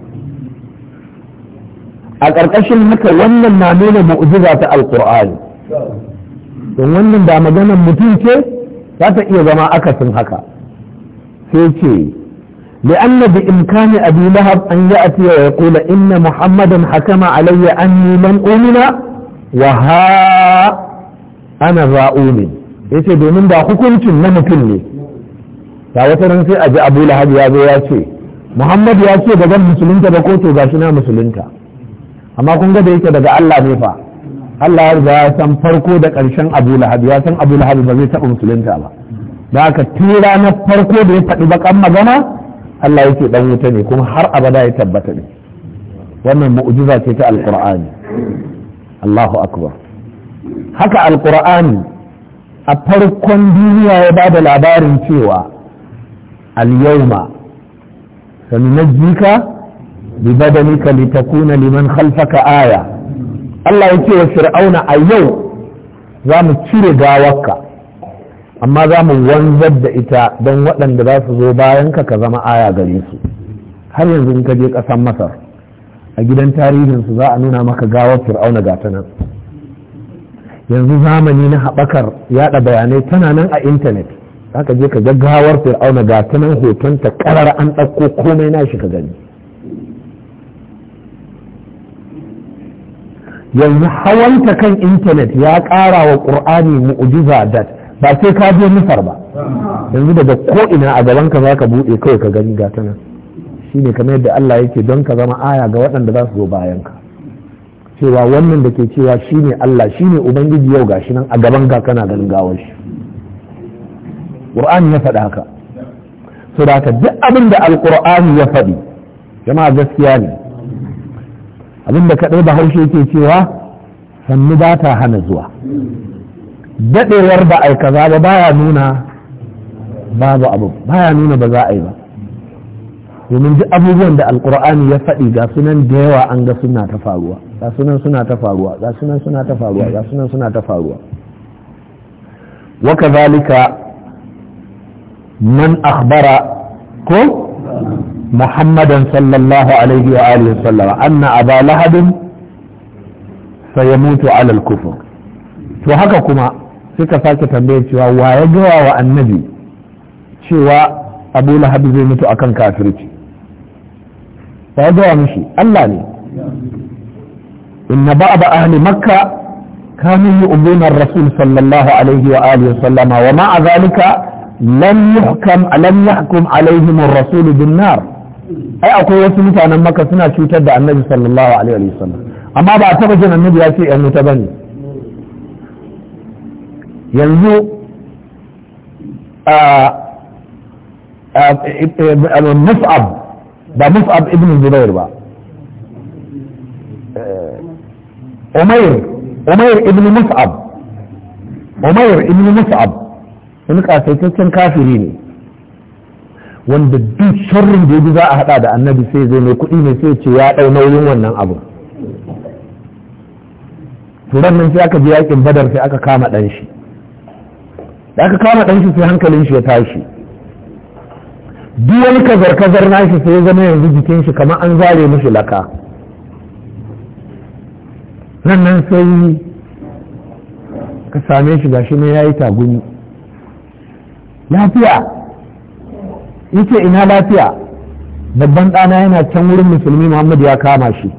a ƙarƙashin haka wannan na nuna mu'jiza ta alƙur'ani don wannan da maganar mutum ce za ta iya zama akasin haka sai ce لأن بإمكان أبي لهب أن يأتي ويقول إن محمدا حكم علي أني لن أؤمن وها أنا ذا أؤمن yace domin da hukuncin na mutum ne ta wata ran sai a ji abu lahab ya zo ya ce muhammad ya ce ba zan musulunta ba ko to shi na musulunta amma kun ga da yake daga allah ne fa allah ya riga ya san farko da ƙarshen abu lahab ya san abu lahab ba zai taɓa musulunta ba da aka tura na farko da ya faɗi bakan magana allah yake dan wuta ne kuma har abada ya tabbata ne wannan mu'jiza ce ta Alƙur'ani. allahu akbar haka Alƙur'ani, a farkon duniya ya ba da labarin cewa al-yawma sanunajjika bi badanika litakuna liman khalfaka aya Allah ya ce wa fir'auna a yau za mu cire gawarka amma za mu wanzar da ita don waɗanda za su zo bayanka ka zama aya gare su har yanzu in ka je ƙasar masar a gidan tarihinsu za a nuna maka gawar fir'auna ga ta nan yanzu zamani na haɓakar yaɗa bayanai tana nan a intanet zaka je ka gaggawar fir'auna ga ta nan hoton ta karar an ɗauko komai na shi ka gani yanzu hawanta kan intanet ya ƙara wa ƙur'ani mu'ujiza da ba sai ka je nufar ba yanzu daga koina ina a gaban ka zaka buɗe kawai ka gani ga ta nan shine kamar yadda Allah yake don ka zama aya ga waɗanda za su zo bayan ka cewa wannan da ke cewa shi ne Allah shi ne ubangiji yau ga shi nan a gaban ka kana ganin gawar shi qur'ani ya faɗa haka so da ka duk abin da alqur'ani ya faɗi jama'a gaskiya ne abin da kaɗai ba haushe ke cewa sannu ba ta hana zuwa daɗewar ba ai kaza ba baya nuna babu abu baya nuna ba za a yi ba domin duk abubuwan da alkur'ani ya faɗi ga sunan da yawa an ga suna ta faruwa ga sunan suna ta faruwa ga sunan suna ta faruwa ga sunan suna ta faruwa wa kazalika man akhbara ko محمدا صلى الله عليه وآله وسلم أن أبا لهب سيموت على الكفر وهكا كما suka sake tambaye cewa wa ya gawa wa annabi cewa abu lahab zai mutu akan kafirci wa ya gawa mishi Allah ne inna ba'da ahli makka kanu yu'minuna ar-rasul sallallahu alaihi wa alihi wa sallama wa ma'a zalika lam yuhkam lam yahkum alaihim ar-rasul bin nar ai akwai wasu mutanen maka suna cutar da annabi sallallahu alaihi wasallam amma ba a taba jin annabi ya ce yan wuta bane yanzu mus'ab ba mus'ab ibn zubair ba umair umair ibn mus'ab umair ibn mus'ab wani kasaitaccen kafiri ne wanda duk sharrin da ya za a hada da annabi sai zai mai kuɗi ne sai ce ya ɗau nauyin wannan abu turan nan sai aka je yakin badar sai aka kama ɗan shi da aka kama ɗan shi sai hankalin shi ya tashi duk wani kazar-kazar shi sai ya zama yanzu jikin shi kamar an zare mishi laka nan nan sai ka same shi gashi ne ya yi tagumi lafiya yace ina lafiya babban ɗana yana can wurin musulmi muhammadu ya kama shi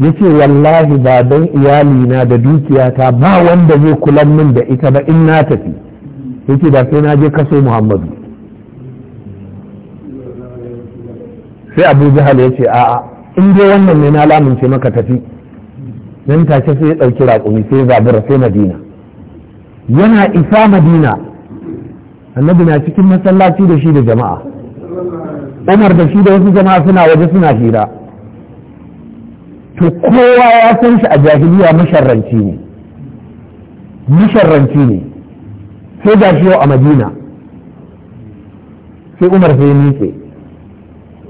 yace wallahi ba don iyalina da dukiyata ba wanda zai kula min da ita ba in na tafi yace ba sai na je kaso muhammadu sai abu jihal ya ce a'a in je wannan ne na lamunce maka tafi nan take sai ya ɗauki raƙumi sai zabura sai madina yana isa madina annabi na cikin masallaci da shi da jama'a umar da shi da wasu jama'a suna waje suna hira to kowa ya san shi a jahiliya masharranci ne masharranci ne sai ga shi a madina sai umar sai nitse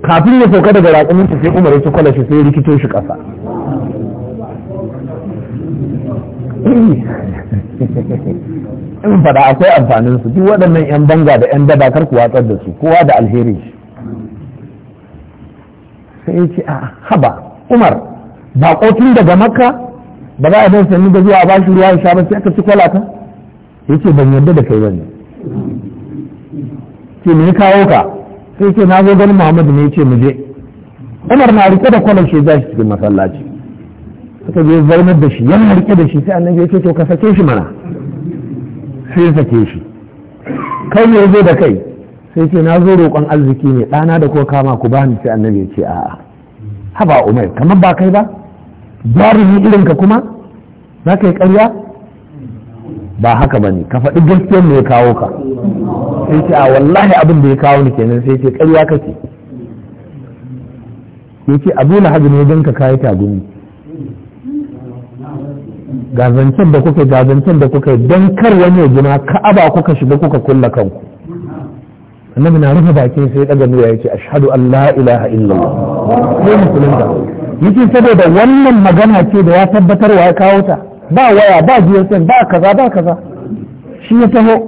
kafin ya sauka daga raƙuminsa sai umar ya ci shi, sai rikito shi ƙasa in fada akwai amfanin su duk waɗannan 'yan banga da 'yan daba kar ku watsar da su kowa da alheri sai ce a haba umar ba kotun daga makka ba za a dan sannu da zuwa ba shi ruwa ya sha ba sai aka ci kwalata ya ce ban yarda da kai bane ce me kawo ka sai ce na zo ganin muhammadu ne ya ce mu je umar na rike da kwalar shi za shi cikin masallaci suka je zaunar da shi yana rike da shi sai annabi ya ce to ka sake shi mana sai ya sake shi kai ne zo da kai sai ce na zo roƙon arziki ne ɗana da ko kama ku bani sai annabi ya ce a'a haba umar kamar ba kai ba jarumi irin ka kuma za ka yi ƙarya ba haka ba ne ka faɗi gaskiyar me ya kawo ka sai ce a wallahi abin da ya kawo ni kenan sai ce ƙarya kake ya ce na hajji ne don ka kayi tagumi ga da kuka ga da kuka don kar wani ya jima ka'aba kuka shiga kuka kulla kanku annabi na rufe bakin sai daga nuna yace ashhadu an la ilaha illallah ne musulun da yake saboda wannan magana ce da ya tabbatar wa ya kawo ta ba waya ba GSM ba kaza ba kaza shi ya taho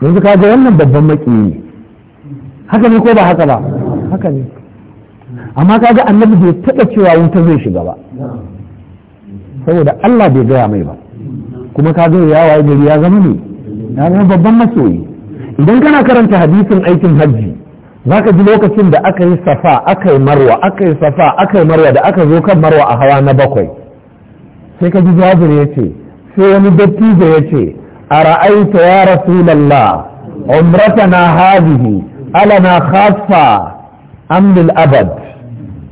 yanzu kaga wannan babban makiyi haka ne ko ba haka ba haka ne amma kaga annabi bai taɓa cewa wuta zai shiga ba saboda Allah bai gaya mai ba kuma ka gaya ya gari ya zama ne ya zama babban masoyi idan kana karanta hadisin aikin hajji zaka ji lokacin da aka yi safa aka yi marwa aka yi safa aka yi marwa da aka zo kan marwa a hawa na bakwai sai ka ji jabir ya ce sai wani dattijo ya ce a ra'aita ya rasulallah umratana hadihi alana khaffa amlil abad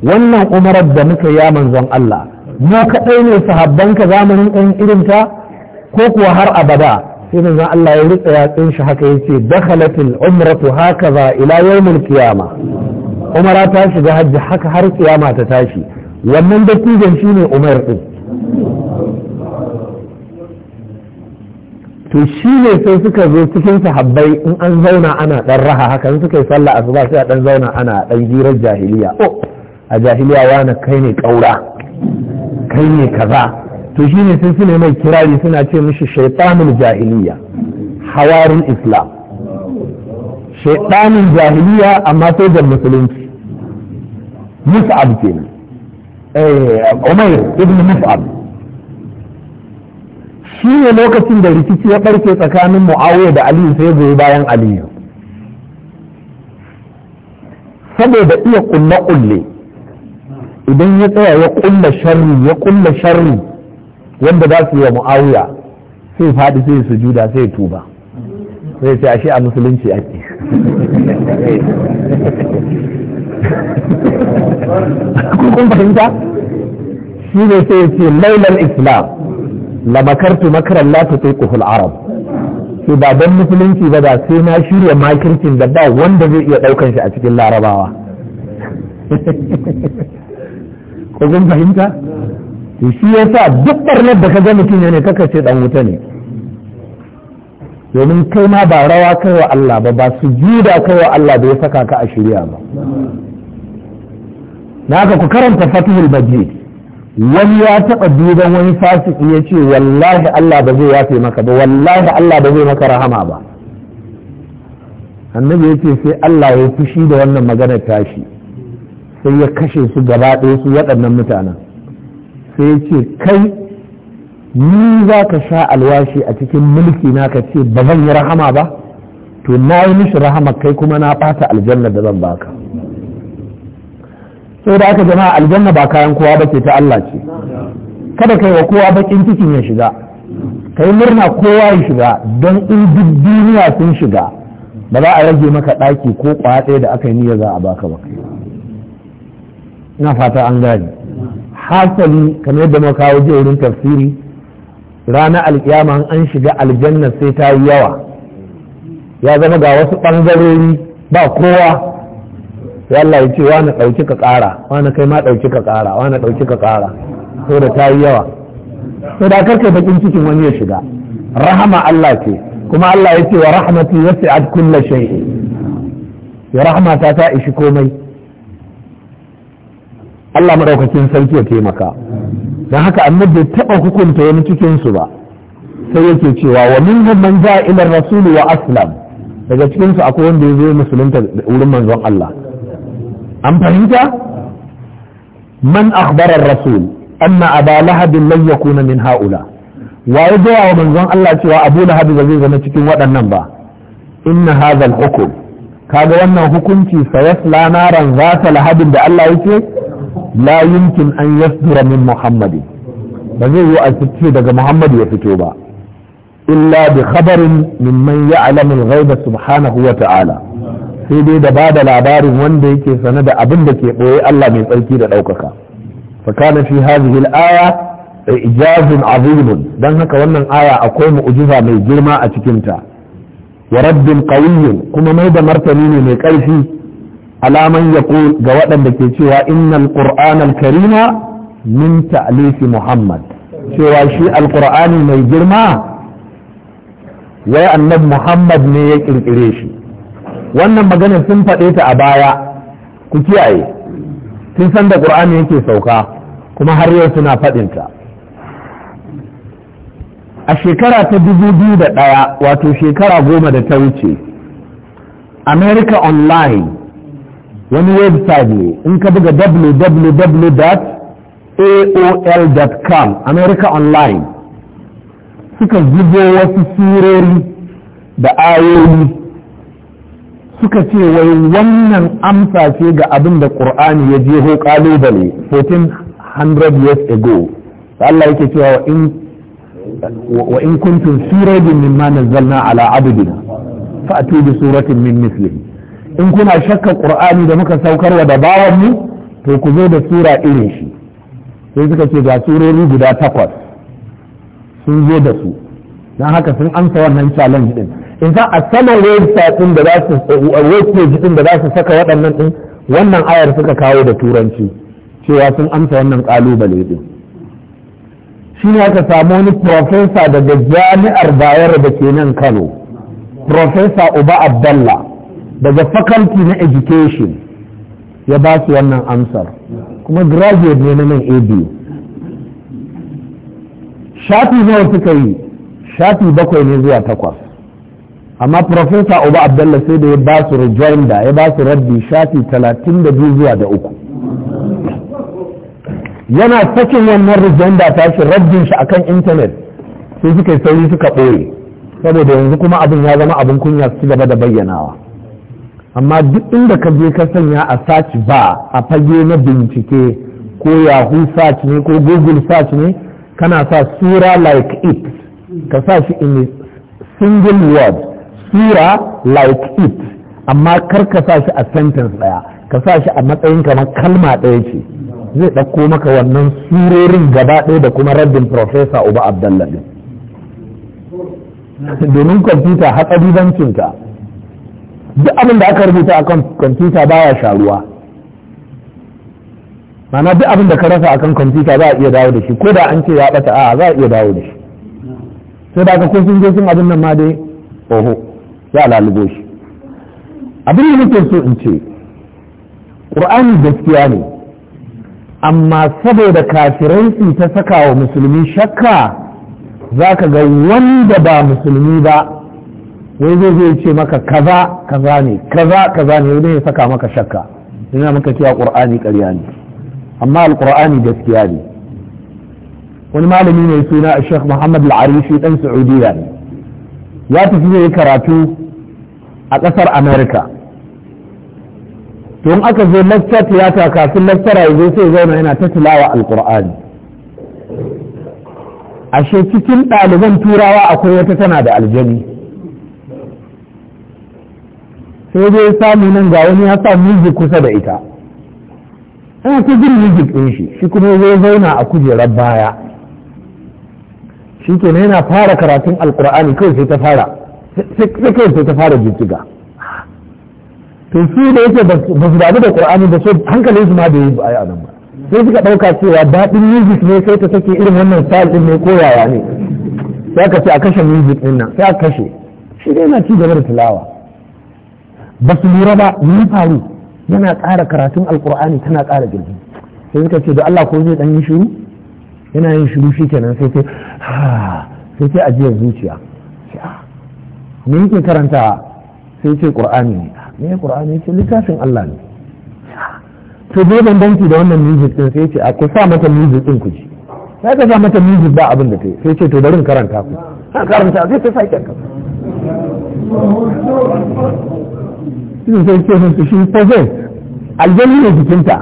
wannan umarar da muka ya manzon Allah mu kaɗai ne ka zamanin ɗan irinta ko kuwa har abada sai manzo Allah ya rutsa yatsun shi haka yace dakhalatil umratu hakaza ila yawmil qiyama umara ta shiga hajji haka har kiyama ta tashi wannan dattijan shine umar din to shi ne sai suka zo cikin sahabbai in an zauna ana dan raha haka suka yi sallah asuba sai a dan zauna ana dan hirar jahiliya oh a jahiliya wani kai ne kaura kai ne kaza to shine sun sune mai kirari suna ce mishi shaitanin jahiliya hawarin islam Shaitanin jahiliya amma sai da musulunci mus'ab ke ne eh, Umar, ibn mus'ab shi ne lokacin da rikici ya barke tsakanin muawiya da aliyu sai zai bayan aliyu saboda iya kulle-kulle idan ya tsaya ya kulla sharri ya kulla sharri wanda za su yi wa mu'awiya sai faɗi sai sujuda sai tuba sai ce ashe a musulunci ake kun fahimta shi ne sai ce lailar islam lamakartu makaran la tutiquhu arab sai ba dan musulunci ba da sai na shirya makircin da ba wanda zai iya daukan shi a cikin larabawa ko kun fahimta to shi sa duk ɓarnar da ka ga mutum ne kaka ce dan wuta ne domin kai ma ba rawa kai wa Allah ba ba su juda kai wa Allah da ya saka ka a shirya ba na haka ku karanta fatihul majid wani ya taɓa duban wani fasiki ya ce wallahi Allah ba zai yafe maka ba wallahi Allah ba zai maka rahama ba annabi ya ce sai Allah ya fushi da wannan maganar tashi sai ya kashe su gaba ɗaya su waɗannan mutanen sai ce kai ni za ka sha alwashi a cikin mulki na ka ce ba zan yi rahama ba to na yi mishi rahama kai kuma na ɓata aljanna da zan baka sai da aka jama'a aljanna ba kayan kowa ba ce ta Allah ce kada kai wa kowa bakin cikin ya shiga kai murna kowa ya shiga don in duk duniya sun shiga ba za a rage maka ɗaki ko ɗaya da aka yi niyya za a baka ba na fata an gani hasali kamar yadda muka kawo ji wurin tafsiri rana alkiyama an shiga aljanna sai ta yi yawa ya zama ga wasu ɓangarori ba kowa Ya Allah ya ce wani ɗauki ka ƙara wani kai ma ɗauki ka ƙara wani ɗauki ka ƙara so da ta yi yawa so da karkai bakin cikin wani ya shiga rahama Allah ce kuma Allah ya ce wa rahmati wasi'at kulli shay'in ya rahmata ta ishi komai Allah maɗaukakin sarki ya taimaka don haka annabi bai taɓa hukunta wani cikin su ba sai yake cewa wa minhum man za'a ila rasul wa aslam daga cikin su akwai wanda ya zo musulunta wurin manzon Allah an fahimta man akhbara rasul anna aba lahab lan yakuna min haula wa ya ga wa manzon Allah cewa abu lahab ba zai zama cikin waɗannan ba inna hadha al-hukm kaga wannan hukunci sayasla naran zata lahabin da Allah yake la yumkin an yasdura min muhammadin ba zai yi a fice daga muhammadu ya fito ba illa bi khabarin mimman ya'lamu al-ghaiba subhanahu wa ta'ala sai dai da bada labarin wanda yake sane da abin da ke ɓoye Allah mai tsarki da daukaka fa kana fi hadhihi al-aya ijazun azimun don haka wannan aya akwai mu'ujiza mai girma a cikin ta wa rabbin kuma mai da martani ne mai ƙarfi. alaman yaqul ga waɗanda ke cewa innal qur'anal karima min ta'lifi muhammad cewa shi alƙur'ani mai girma wai annab muhammad ne ya ƙirƙire shi wannan magana sun faɗe ta a baya ku kiyaye sun san da ƙur'ani yake sauka kuma har yau suna faɗinta a shekara ta dubu biyu da ɗaya wato shekara goma da ta wuce america online wani website ne in ka buga www.aol.com america online suka zubo wasu surori da ayoyi suka ce wai wannan amsa ce ga abin da ƙur'ani ya je jeho ƙalubale 1400 years ago Allah yake cewa wa in kuntum min ma na zalna ala abdina a bi suratin min mislihi in kuna shakkar ƙur'ani da muka saukarwa da bawan mu to ku zo da sura irin shi sai suka ce ga surori guda takwas sun zo da su don haka sun amsa wannan challenge din in za a saman website din da za su da za su saka waɗannan din wannan ayar suka kawo da turanci cewa sun amsa wannan kalubale din shi ne aka samu wani profesa daga jami'ar bayar da ke nan kano profesa uba abdallah daga faculty na education ya ba su wannan amsar kuma graduate ne na nan ab shafi nawa suka yi shafi bakwai ne zuwa takwas amma profesa oba abdullahi sai da ya ba su rejoinder ya ba su rabbi shafi talatin da biyu zuwa da uku yana sakin wannan rejoinder tashi rabbin shi akan intanet sai suka yi sauri suka ɓoye saboda yanzu kuma abin ya zama abin kunya su ci gaba da bayyanawa amma duk inda ka je ka sanya a search ba a fage na bincike ko yahoo search ne ko google search ne kana sa sura like it ka sa shi in single word sura like it amma kar ka sa shi a sentence daya ka sa shi a matsayin kamar kalma daya ce zai ɗauko maka wannan surorin gaba ɗaya da kuma rabin professor uba abdallah domin kwamfuta hatsari bancinka duk abin da aka rubuta a kan kwamfuta baya sharuwa mana duk abin da ka rasa akan kwamfuta za a iya dawo da shi ko da an ce ya bata a za a iya dawo da shi sai da aka ko sun je sun abin nan ma dai oho ya lalubo shi abin da nake so in ce ƙur'ani gaskiya ne amma saboda kafiranci ta saka wa musulmi shakka za ka ga wanda ba musulmi ba wai zai zai ce maka kaza kaza ne kaza kaza ne wani ya saka maka shakka ina maka cewa qur'ani ƙarya ne amma alƙur'ani gaskiya ne wani malami mai suna Sheikh Muhammad Al-Arishi dan Saudiya ne ya tafi zai karatu a ƙasar America to in aka zo lecture tiyata kafin lecture ya zo sai zauna yana ta tilawa alqur'ani ashe cikin ɗaliban turawa akwai wata tana da aljani sai dai samu nan ga wani ya sa muzik kusa da ita ana ta jin muzik ɗin shi shi kuma zai zauna a kujerar baya shi ke yana fara karatun alkur'ani kawai sai ta fara sai kawai sai ta fara jijjiga to su da yake ba su damu da qur'ani ba so hankalin su ma da yi a nan ba sai suka ɗauka cewa daɗin music ne sai ta sake irin wannan style ɗin ne ko yaya ne sai aka ce a kashe music ɗin nan sai a kashe shi dai yana ci gaba da tilawa ba su lura ba ni faru yana ƙara karatun alkur'ani tana ƙara girgi sai suka ce da Allah ko zai dan yi shiru yana yin shiru shi kenan sai sai sai sai ajiyar zuciya ah, me yake karanta sai ce qur'ani ne ne qur'ani ce littafin Allah ne ah, to ban danki da wannan music din sai ce a ku sa mata music din ku ji sai ka sa mata music ba abin da kai sai ce to bari karanta ku karanta sai ta sai ka shi zai ce musu shi ko zai aljanni ne jikinta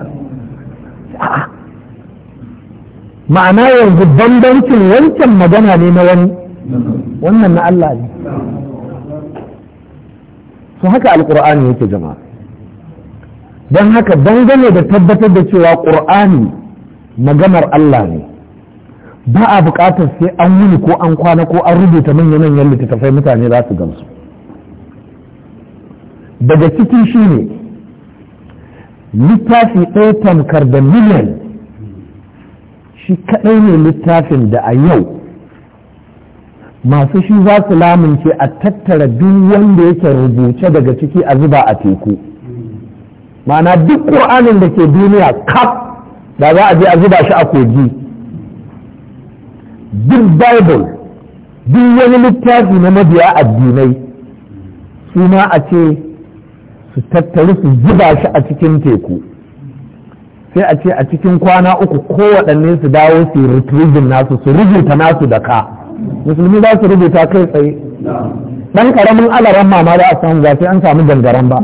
ma'ana yanzu bambancin wancan magana ne na wani wannan na Allah ne su haka alkur'ani yake jama'a don haka dangane da tabbatar da cewa ƙur'ani maganar Allah ne ba a buƙatar sai an wuni ko an kwana ko an rubuta manya-manyan littattafai mutane za su gamsu daga ciki shi ne littafi ɗaya tamkar da miliyan shi kaɗai ne littafin da a yau masu shi za su lamunce a tattara duk wanda yake rubuce daga ciki a zuba a teku ma'ana duk ƙur'anin da ke duniya kaf da za a je a zuba shi a kogi duk bible duk wani littafi na mabiya addinai su ma a ce su tattaru su zuba shi a cikin teku sai a ce a cikin kwana uku ko waɗanne su dawo su retrieving nasu su rubuta nasu da ka musulmi za su rubuta kai tsaye ɗan ƙaramin alaran mama da a samu ba sai an samu gangaren ba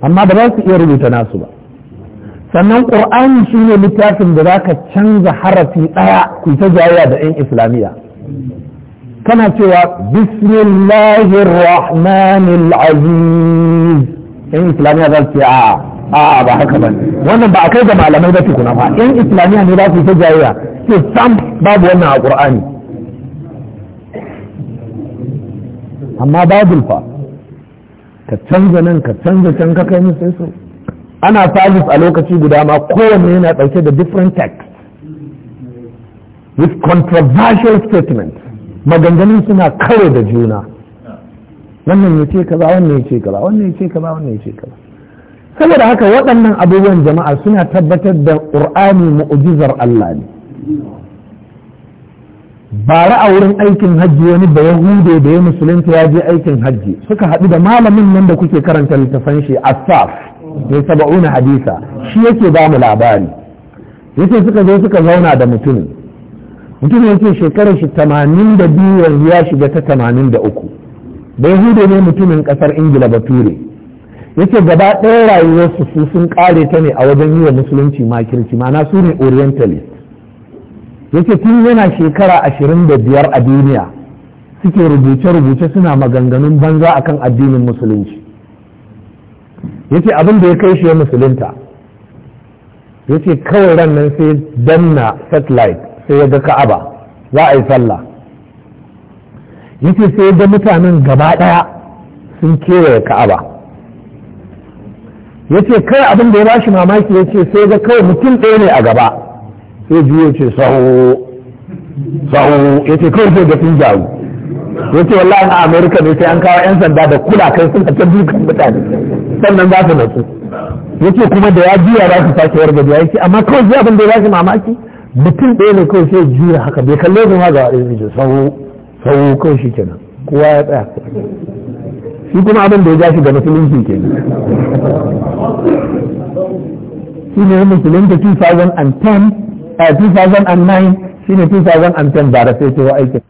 amma ba za su iya rubuta nasu ba sannan ƙur'ani shi ne littafin da za ka canza harafi ɗaya ku ta jayayya da 'yan islamiyya kana cewa bismillahir rahmanir azim in islamiyya za su ce a'a ba haka ba wannan ba a kai da malamai ba tukuna ba in islamiyya ne za su ta jayayya ce sam babu wannan a qur'ani amma babu fa ka canza nan ka canza can ka kai musu su ana sabis a lokaci guda ma kowanne yana ɗauke da different text with controversial statements maganganun suna karo da juna wannan ya ce kaza wannan ya ce kaza wannan ya ce kaza wannan ya ce kaza saboda haka waɗannan abubuwan jama'a suna tabbatar da ƙur'ani mu'jizar Allah ne bara a wurin aikin hajji wani da yahude da ya musulunta ya je aikin hajji suka haɗu da malamin nan da kuke karanta littafan shi asaf mai saba'una hadisa shi yake ba mu labari yake suka zo suka zauna da mutumin mutum ya ce shekarar shi tamanin da biyu yanzu ya shiga ta tamanin da uku bai hudu ne mutumin kasar ingila bature yace gaba ɗaya rayuwarsu su sun ƙare ta ne a wajen yi wa musulunci makirci mana su ne orientalist yace tun yana shekara ashirin da biyar a duniya suke rubuce-rubuce suna maganganun banza akan addinin musulunci yace abin da ya kai shi ya musulunta yace kawai ran nan sai danna satellite sai ya ga ka'aba za a yi sallah yake sai ga mutanen gaba ɗaya sun kewaye ka'aba yace kai abin da ya bashi mamaki yace sai ga kawai mutum ɗaya ne a gaba sai biyu yace sahu sahu yace kawai sai ga sun jaru yace wallahi a Amurka ne sai an kawo yan sanda da kula kai suna ta dukan mutane sannan za su nasu yace kuma da ya biya za su sake wargaje ce amma kawai abin da ya bashi mamaki mutum ɗaya ne kawai sai juya haka bai kalle su ma ga waɗin su sau sau kawai shi kenan kowa ya tsaya shi kuma abin da ya ja shi ga musulunci kenan shi ne musulunta 2010 a 2009 shi ne 2010 ba da sai ta aikin